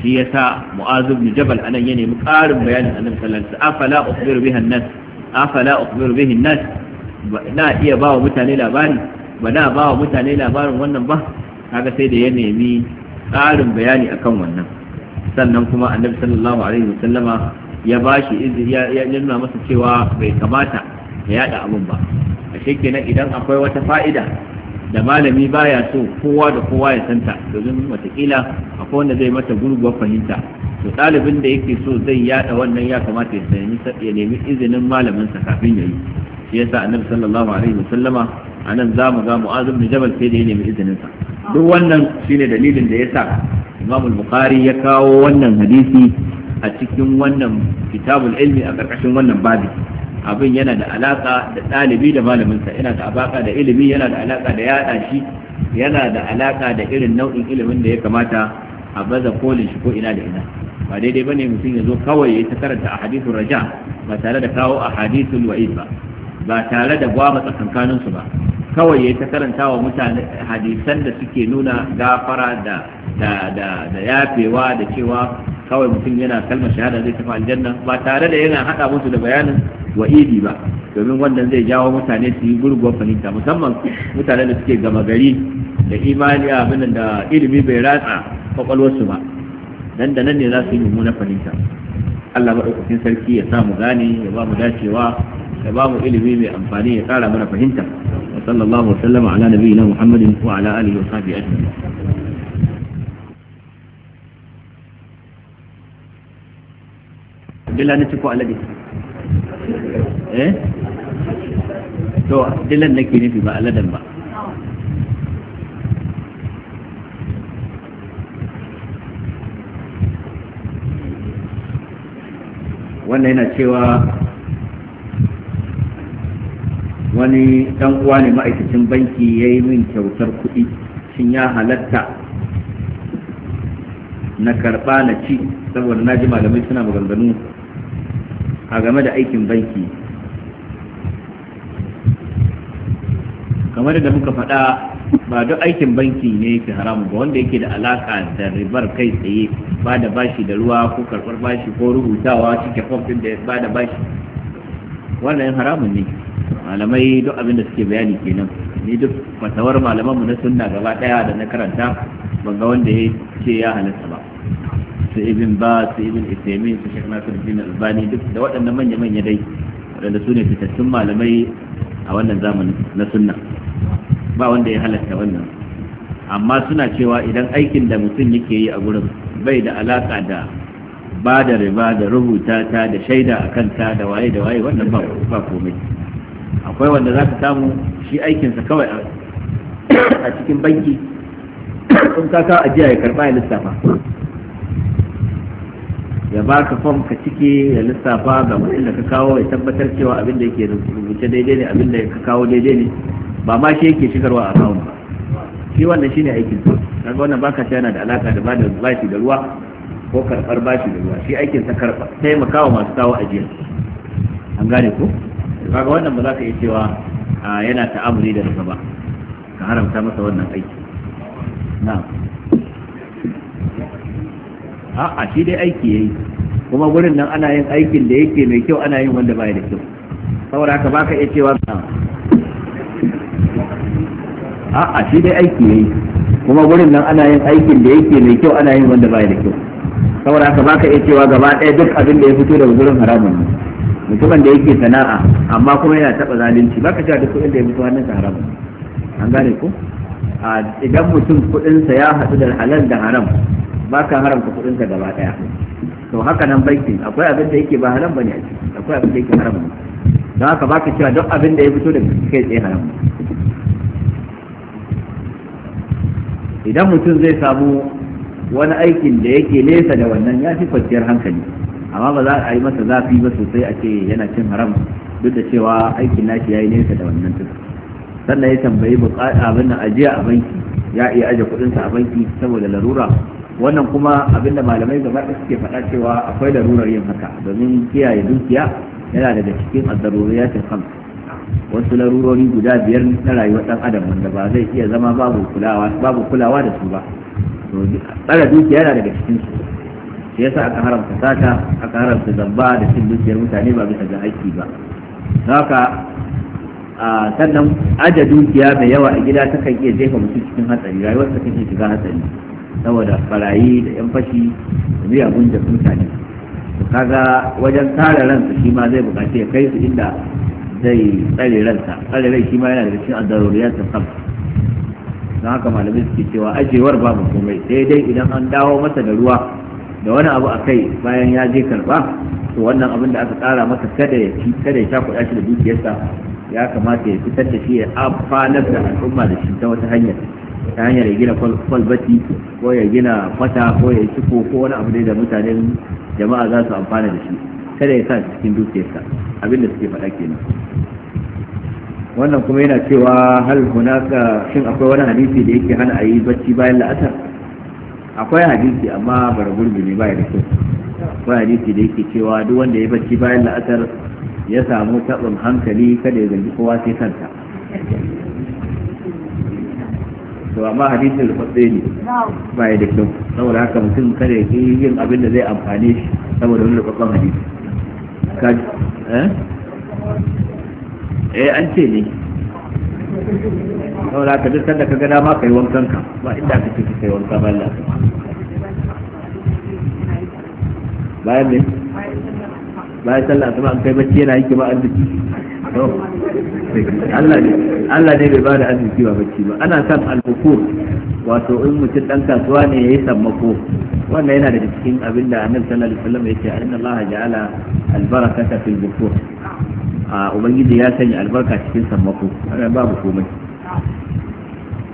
shi yasa mu'azu ibn jabal anan ya nemi ƙarin bayani anan sallallahu alaihi wasallam afala ukhbiru biha nas afala ukhbir bihi nas na iya ba wa mutane labari ba na ba wa mutane labarin wannan ba kaga sai da ya nemi ƙarin bayani akan wannan sannan kuma annabi sallallahu alaihi wasallama ya ba shi ya nuna masa cewa bai kamata ya yada abun ba a kenan idan akwai wata fa'ida da malami baya so kowa da kowa ya santa domin watakila akwai wanda zai mata gurguwa fahimta to ɗalibin da yake so zai yada wannan ya kamata ya nemi izinin malaminsa kafin ya yi shi yasa annabi sallallahu alaihi wasallama anan za mu ga mu'az ibn jabal sai da ya nemi izinin sa duk wannan shine dalilin da yasa imam al-bukhari ya kawo wannan hadisi a cikin wannan kitabul ilmi a karkashin wannan babi abin yana da alaka da ɗalibi da malaminsa yana da abaka da ilimi yana da alaka da yada shi yana da alaka da irin nau'in ilimin da ya kamata a baza kolin shi ko ina da ina ba daidai bane mutum ya zo kawai ya ta karanta a raja ba tare da kawo a hadithun wa'id ba ba tare da gwaba tsakankanin su ba kawai ya ta karanta wa mutane hadisan da suke nuna gafara da da da da yafewa da cewa kawai mutum yana kalmar shahada zai tafi aljanna ba tare da yana hada musu da bayanin wa'idi ba domin wannan zai jawo mutane su yi gurguwar fahimta musamman mutane da suke gama gari da imani abin da ilimi bai ratsa kwakwalwarsu ba dan da nan ne za su yi mummuna fahimta Allah maɗaukakin sarki ya sa mu gane ya ba mu dacewa ya ba mu ilimi mai amfani ya kara mana fahimta wa sallallahu wa sallama ala nabiyina muhammadin wa ala alihi wa sahbihi ajma'in dila ne ko alade eh to dilan nake nufi ba aladan ba wannan yana cewa wani dan uwa ne ma'aikacin banki ya yi min kyautar kuɗi shin ya halatta na karɓa na ci saboda na ji malamai suna maganganu a game da aikin banki kamar da muka faɗa ba duk aikin banki ne yake haramu ba wanda yake da alaka da ribar kai tsaye ba da bashi da ruwa ko karɓar bashi ko rubutawa cike fom da ba da bashi wannan haramun ne malamai duk abin da suke bayani kenan ni duk fatawar malaman mu na sunna gaba daya da na karanta ban ga wanda ya ce ya halatta ba su ibn ba su ibn isaimin su shekh nasir bin albani duk da waɗannan manya manya dai waɗanda su ne fitattun malamai a wannan zamani na sunna ba wanda ya halatta wannan amma suna cewa idan aikin da mutum yake yi a gurin bai da alaka da ba da riba da rubuta ta da shaida a kanta da waye da waye wannan ba komai akwai wanda za ka samu shi aikinsa kawai a cikin banki in ka kawo ajiya ya karba ya lissafa ya baka fom ka cike ya lissafa ga mutum da ka kawo ya tabbatar cewa abin da yake rubuce daidai ne abin da ka kawo daidai ne ba ma shi yake shigarwa a kawun ba shi wannan shine aikin sa kaga wannan baka ta yana da alaka da bada bashi da ruwa ko karbar bashi da ruwa shi aikin sa karba taimakawa masu kawo ajiya an gane ko kaga wannan ba za ka yi cewa yana ta'amuli da daga ba ka haramta masa wannan aiki na a shi dai aiki ya yi kuma gurin nan ana yin aikin da yake mai kyau ana yin wanda baya da kyau saboda haka baka iya cewa a a shi dai aiki ya yi kuma gurin nan ana yin aikin da yake mai kyau ana yin wanda baya da kyau saboda haka baka iya cewa gaba ɗaya duk abin da ya fito daga gurin haramun ne mutumin da yake sana'a amma kuma yana taɓa zalunci baka cewa duk kuɗin da ya mutu hannunsa haram an gane ko idan mutum sa ya haɗu da halal da haram baka haramta kuɗinsa gaba ɗaya to haka nan bankin akwai abin da yake ba haram bane a ciki akwai abin da yake haram ne don haka baka cewa duk abin da ya fito da kai tsaye haram idan mutum zai samu wani aikin da yake nesa da wannan ya fi kwanciyar hankali amma ba za a yi masa zafi ba sosai a ce yana cin haram duk da cewa aikin nashi ya yi nesa da wannan tun sannan ya tambayi abin da ajiya a banki ya iya aje kuɗinsa a banki saboda larura wannan kuma abinda malamai gaba da suke faɗa cewa akwai larurar yin haka domin kiyaye dukiya yana daga cikin ta khams wasu larurori guda biyar na rayuwar ɗan adam wanda ba zai iya zama babu kulawa da su ba tsara dukiya yana daga cikin su shi yasa aka haramta sata aka haramta zamba da cin dukiyar mutane ba bisa ga aiki ba haka a sannan aja dukiya mai yawa a gida ta kan iya jefa mutum cikin hatsari rayuwar ta kan shiga hatsari saboda barayi da yan fashi da miyagun da mutane to kaga wajen kare ransa shi ma zai buƙaci ya kai su inda zai tsare ransa tsare rai shi ma yana da cikin addaruriyar ta kan don haka malamai suke cewa ajewar babu komai daidai idan an dawo masa da ruwa da wani abu a kai bayan ya je karba to wannan abin da aka tsara masa kada ya ci kada ya shakuɗa shi da dukiyarsa ya kamata ya fitar da shi ya amfanar da al'umma da shi ta wata hanyar ta hanyar ya gina kwalbati ko ya gina kwata ko ya ciko ko wani abu da mutanen jama'a za su amfana da shi kada ya sa cikin dukiyarsa abin da suke faɗa kenan wannan kuma yana cewa hal hunaka shin akwai wani hadisi da yake hana a yi bacci bayan la'asar akwai hadisi amma bara gurbi ne ba da kyau akwai hadisi da yake cewa duk wanda ya bacci bayan la'asar ya samu tabin hankali kada ya zargi kowa sai kanta to amma hadisin rufatse ne ba da kyau saboda haka mutum kada ya yi yin abin da zai amfane shi saboda wani rufatsen hadisi eh? eh an ce ne saboda ka duk sanda ka ga dama kai wankan ka ba inda kake ki kai wanka ba Allah bayan ne bayan sallah kuma an kai bacci yana yake ba arziki Allah ne Allah ne bai ba da arziki ba bacci ba ana san al wato in mutum dan kasuwa ne yayi sammako wannan yana da cikin abin da Annabi sallallahu alaihi wasallam yake inna Allah ja'ala al-barakata fil bukur a ubangiji ya sanya albarka cikin sammako ana babu komai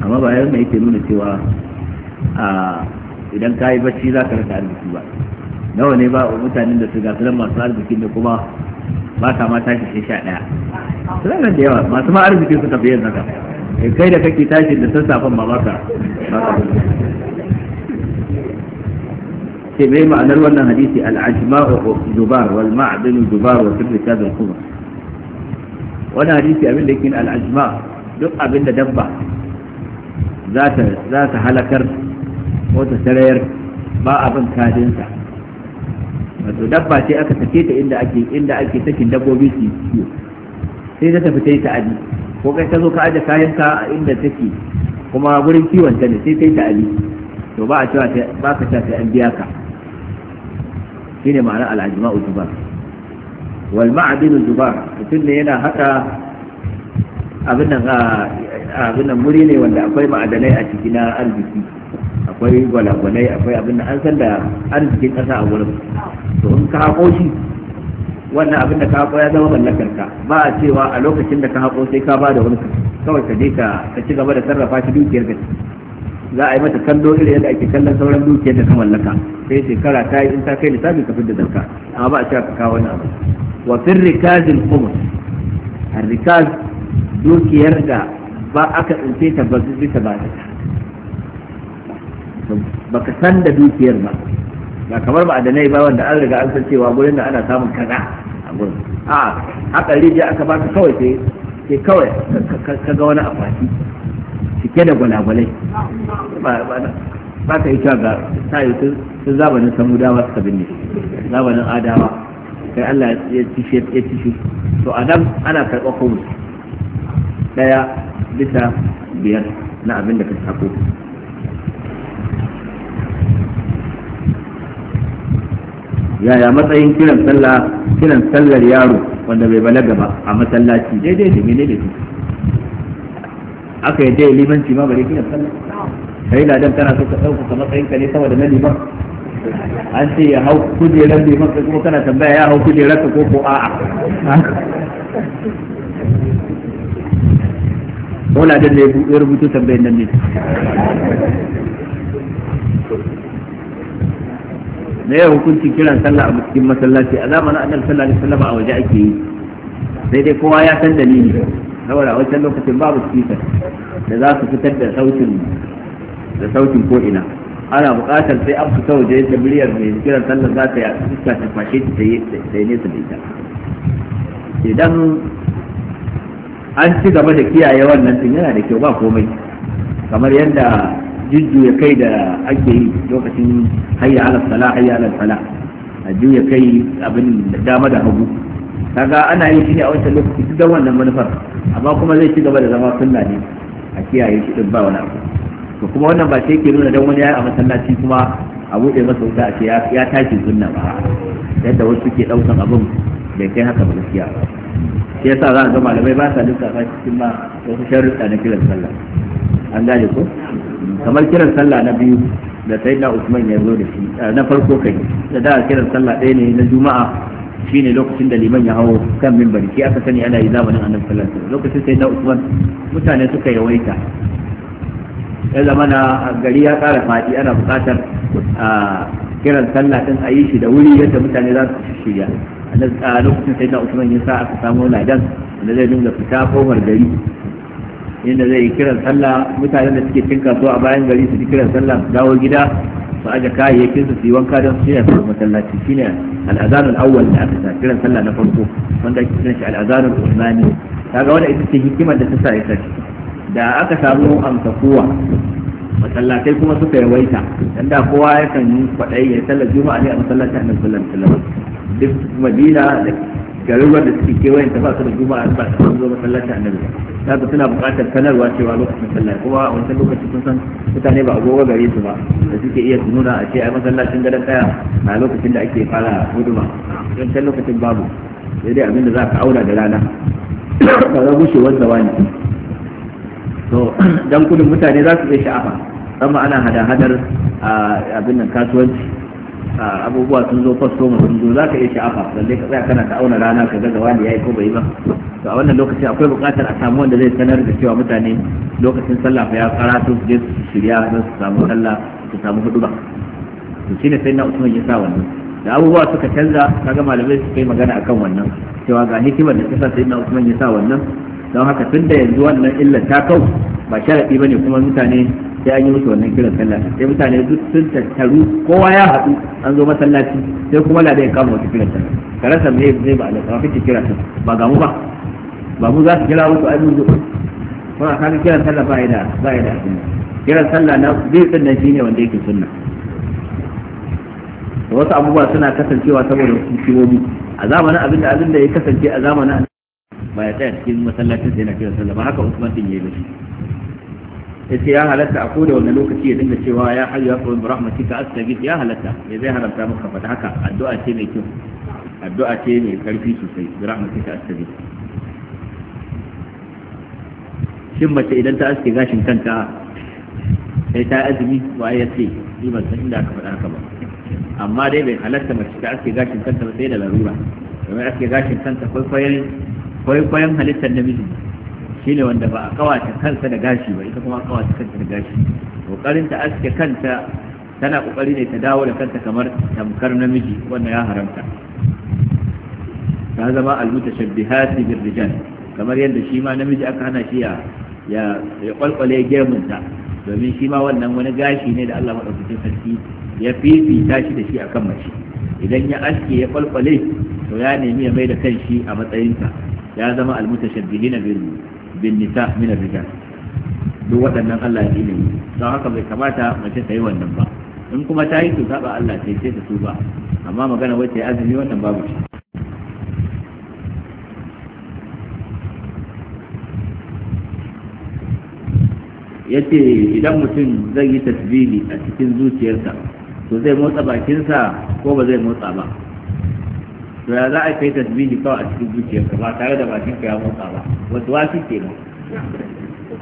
amma ba yau yake nuna cewa a idan ka yi bacci za ka rasa arziki ba nawa ne ba mutanen da su su masu arziki ne kuma ba ka ma tashi sai sha ɗaya suna da yawa masu ma arziki suka fi da haka eh, kai da kake tashi da sassafen ba baka ba ka ce mai ma'anar wannan hadisi al'ajma'u ajmau zubar wal ma'dinu zubar wa sirri kazan kuma. wani hadisi abin da yake al'ajma duk abin da dabba za ta halakar ko ta sarayar ba abin kadinsa wato dabba ce aka sake ta inda ake inda ake sakin dabbobi su kiwo sai ta tafi ta yi ta'adi ko kai ta zo ka aje kayan ka inda take kuma wurin kiwon ta ne sai ta yi ta'adi to ba a cewa ba ka ta an biya ka shine ma'anar al'ajma'u ba. wal ma'adin dubar mutum ne yana haka abin nan muri ne wanda akwai ma'adanai a ciki na arziki akwai gwalagwalai akwai abin da an san da arzikin kasa a wurin to in ka haƙo shi wannan abin da ka haƙo ya zama mallakar ka ba a cewa a lokacin da ka haƙo sai ka ba da wani kawai ka je ka ci gaba da sarrafa shi dukiyar ka za a yi mata kallo irin yadda ake kallon sauran dukiyar da ka mallaka sai shekara ta yi in ta kai lissafi ka fidda zakka amma ba a cewa ka kawo wani abu wa fi rikazin kumus a rikaz dukiyar da ba aka tsince ta ba su ta ba ka san da dukiyar ba ba kamar ba adanai ba wanda an riga an san cewa gurin da ana samun kaza a gurin a aka rijiya aka baka kawai sai sai kawai ka ga wani akwati cike da gwalagwalai ba ka yi cewa ga sa tayo sun zamanin samudawa suka binne zamanin adawa kai Allah ya ci ya ci to a nan ana karɓar kuma ɗaya bisa biyar na abin da ka sako yaya matsayin kiran sallah kiran sallar yaro wanda bai balaga ba a masallaci daidai da mene da aka yi dai limanci ma bari kiran sallah kai dan tana so ka dauka matsayin ka ne saboda na liman an ce ya hau kujerar bai maka kuma kana tambaya ya hau kujerar ka ko ko a'a wala da ne ya rubuta tambayar nan ne Na yau hukunci kiran sallah a cikin masallaci a zamanin annabi sallah da sallama a waje ake yi sai dai kowa ya san dalili saboda a wancan lokacin babu speaker da za su fitar da sautin da sautin ko ina ana buƙatar sai an fita waje da miliyar mai kiran sallar za ta yaɗu ta fashe ta yi nesa da ita idan an ci gaba da kiyaye wannan tun yana da kyau ba komai kamar yadda jujjuya kai da ake yi lokacin hayya ala sala hayya ala sala a juya kai abin dama da hagu kaga ana yin shi ne a wancan lokaci duk wannan manufar amma kuma zai ci gaba da zama sunna ne a kiyaye shi din ba wani abu to kuma wannan ba sai ke nuna dan wani yayi a masallaci kuma a buɗe masa wuta a ce ya tashi sunna ba yadda wasu ke ɗaukan abin da kai haka ba gaskiya shi yasa za a ga malamai ba sa ba cikin ma wasu sharuɗa na kiran sallah an gane ko kamar kiran sallah na biyu da sai na usman ya zo da shi na farko kai da da kiran sallah ɗaya ne na juma'a shine lokacin da liman ya hawo kan minbari shi aka sani ana yi zamanin annabi sallallahu alaihi wasallam lokacin sai na usman mutane suka yawaita ya zama na gari ya kara fadi ana bukatar a kiran sallah din a yi shi da wuri yadda mutane za su shirya a lokacin sai da usman ya sa aka samu ladan da zai dinga fita kofar gari inda zai yi kiran sallah mutanen da suke cin kasuwa a bayan gari su ji kiran sallah su dawo gida su aje kayayyakin su yi wanka don su shirya su masallaci shine al'azanul awwal da aka sa kiran sallah na farko wanda ake kiran shi al'azanul usmani kaga wanda ita ce hikimar da ta sa ya sa da aka samu amsa kowa masallatai kuma suka yawaita dan da kowa yakan kwaɗayi ya sallar juma'a ne a masallacin annabi sallallahu alaihi wasallam duk madina da garuruwan da suke kewayen ta ba su da juma'a ba su zo masallacin annabi kaga suna buƙatar sanarwa cewa lokacin sallah kuma a wancan lokaci kun san mutane ba agogo gare su ba da suke iya nuna a ce ai masallacin gadon ɗaya a lokacin da ake fara huduma wancan lokacin babu sai dai abinda za ka aura da rana ba za wanda wani to dan kudin mutane za su iya sha'afa sama ana hada-hadar abin nan kasuwanci abubuwa sun zo mu sun zo za ka iya sha'afa lalle ka tsaya kana ka auna rana ka gaga wani ya yi ko bai ba to a wannan lokacin akwai buƙatar a samu wanda zai sanar da cewa mutane lokacin sallah fa ya karatu su je su shirya don su samu sallah su samu huduba ba to shine sai na usman ya sa wannan da abubuwa suka canza kaga malamai su kai magana akan wannan cewa ga hikimar da ta sa sai na usman ya sa wannan don haka tun da yanzu wannan illar ta kau ba sharaɗi ba ne kuma mutane sai an yi musu wannan kiran sallah sai mutane duk sun tattaru kowa ya haɗu an zo masallaci sai kuma ladai ya kama wata kiran sallah ka rasa me zai ba alaƙa kake kira ta ba ga mu ba ba mu za su kira musu ai mun zo kuma kan kiran sallah ba ya da ba kiran sallah na biyu din nan shine wanda yake sunna wasu abubuwa suna kasancewa saboda hukumomi a zamanin abinda abinda ya kasance a zamanin ba ya tsaya cikin masallacin sai na kira sallah ba haka Usman din yayi shi yace ya halatta a koda wannan lokaci ya dinga cewa ya hayyu ya qawmi rahmatika astaghfir ya halatta me zai haramta maka fa haka addu'a ce mai kyau addu'a ce mai karfi sosai bi rahmatika astaghfir shin mace idan ta aske gashin kanta sai ta azumi wa ya ce ni ban san inda aka faɗa haka ba amma dai bai halatta mace ta aske gashin kanta ba sai da larura domin aske gashin kanta kwaikwayon kwaikwayon halittar namiji shi ne wanda ba a kawata kansa da gashi ba ita kuma a kawata kanta da gashi kokarin ta aske kanta tana kokari ne ta dawo da kanta kamar tamkar namiji wannan ya haramta ta zama almutashabbihati bir rijal kamar yadda shi ma namiji aka hana shi ya ya kwalkwale gemunta domin shi ma wannan wani gashi ne da Allah madaukakin sarki ya fifita shi da shi akan mace idan ya aske ya kwalkwale to ya nemi ya mai da shi a matsayinta ya zama almutashabbihina bil bin nisa min ar-rijal duk waɗannan Allah ya ilimi don haka bai kamata mace ta yi wannan ba in kuma ta yi to saba Allah sai sai ta tuba amma magana wacce azumi wannan babu shi yace idan mutum zai yi tasbihi a cikin zuciyarsa to zai motsa bakinsa ko ba zai motsa ba to ya za a kai tasbihi kawai a cikin zuciyarka ba tare da bakin ka ya motsa ba wasu wasi ke nan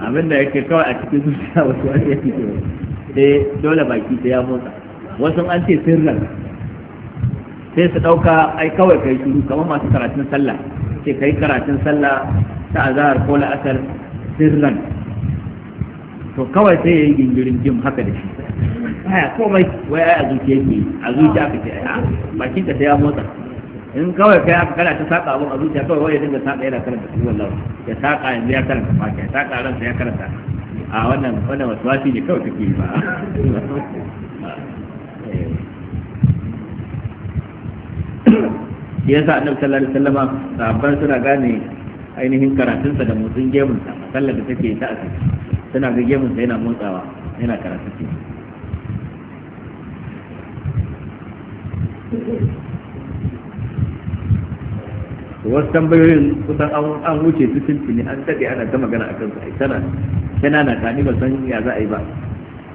abin da yake kawai a cikin zuciya wasu wasi yake ke sai eh, dole baki ta ya motsa wasu an ce sirran sai su ɗauka ai kawai kai shiru kamar masu karatun sallah ce kai karatun sallah ta azahar ko la'asar sirran to kawai sai ya yi gingirin jim haka da shi baya komai wai a zuciya ke a zuciya ka ce a bakin ka sai ya motsa in kawai kai aka kana ta saka abun a zuciya kawai wai ya dinga saka yana karanta su wallahi ya saka yanzu ya karanta fatiha ya saka ransa ya karanta a wannan wannan waswasi ne kawai kake ba shi yasa annab sallallahu alaihi wasallama sahabban suna gane ainihin karatunsa da motsin gemunsa sallar da take ta asiri suna ga gemunsa yana motsawa yana karatu wasu tambayoyin kusan an wuce su tuntuni an daɗe ana ta magana a kansu ai tana tana na tani ba san ya za a yi ba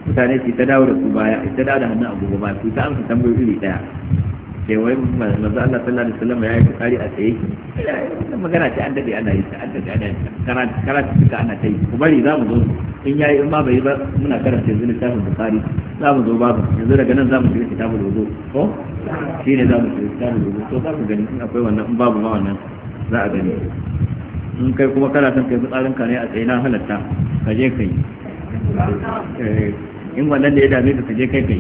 mutane su ta dawo da su baya ta dawo da hannun agogo ba su ta amsa tambayoyi iri ɗaya ke wai manzo Allah sallallahu alaihi wasallam ya yi tsari a tsaye wannan magana ce an daɗe ana yi ta an daɗe ana yi ta karatu suka ana ta yi ku bari za mu zo in yayi in ma bai ba muna karanta yanzu littafin bukari za mu zo babu yanzu daga nan za mu shiga kitabul wudu ko shi ne za mu shiga kitabul wudu to za ku gani in akwai wannan in babu ma wannan za a gani in kai kuma kana son kai tsarin ka ne a tsaye halatta ka je kai eh, in wannan da ya dame ka je kai kai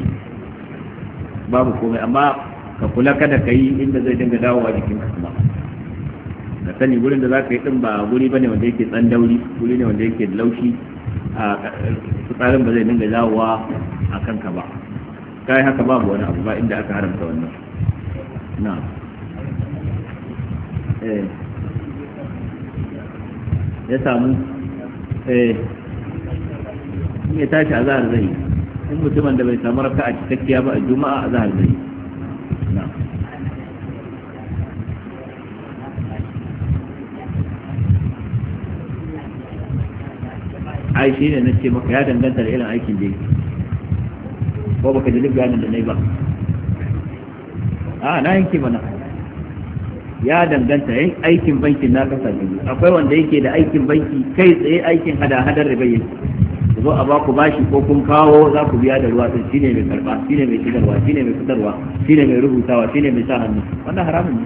babu komai amma ka kula kada ka yi inda zai dinga dawowa jikin ka kuma ka sani wurin da za ka yi din ba guri bane wanda yake tsandauri guri ne wanda yake laushi fitsarin ba zai dinga dawowa a kanka ba kai yi haka babu wani abu ba inda aka haramta wannan na eh. ya samu eh ya tashi a zahar zai in mutumin da bai samu raka a cikakkiya ba a juma'a a zahar zai na ai shi ne na ce maka ya danganta da irin aikin da yake ko baka ji duk bayanin da na yi ba a ah, na yanke mana ya danganta yin aikin bankin na kasa ne akwai wanda yake da aikin banki kai tsaye aikin hada-hadar da yake ku zo a baku bashi ko kun kawo za ku biya da ruwa din shine mai karba shine mai shigarwa shine mai fitarwa shine mai rubutawa shine mai sa hannu wannan haramun ne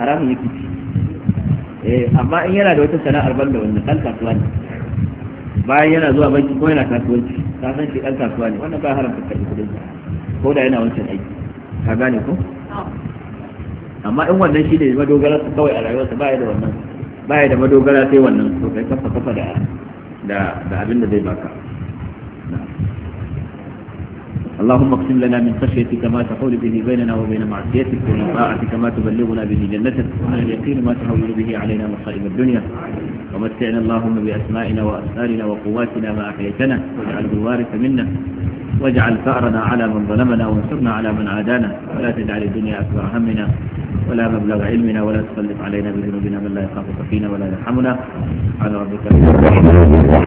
haramun yake ci eh amma in yana da wata sana'ar banda wannan kan kasuwa ne bayan yana zuwa banki ko yana kasuwanci ka san shi dan kasuwa ne wannan ba haramta kai kudin ko da yana wancan aiki ka gane ko amma in wannan shi ne madogara su kawai a rayuwarsa ba ya da wannan ba ya da madogara sai wannan to kai kafa kafa da da abin da zai baka اللهم اقسم لنا من خشيتك ما تحول به بيننا وبين معصيتك ومن طاعتك ما تبلغنا به جنتك ومن اليقين ما تحول به علينا مصائب الدنيا ومتعنا اللهم بأسمائنا واسرارنا وقواتنا ما أحيتنا واجعله الوارث منا واجعل ثأرنا على من ظلمنا وانصرنا على من عادانا ولا تجعل الدنيا أكبر همنا ولا مبلغ علمنا ولا تسلط علينا بذنوبنا من لا يخافك فينا ولا يرحمنا على ربك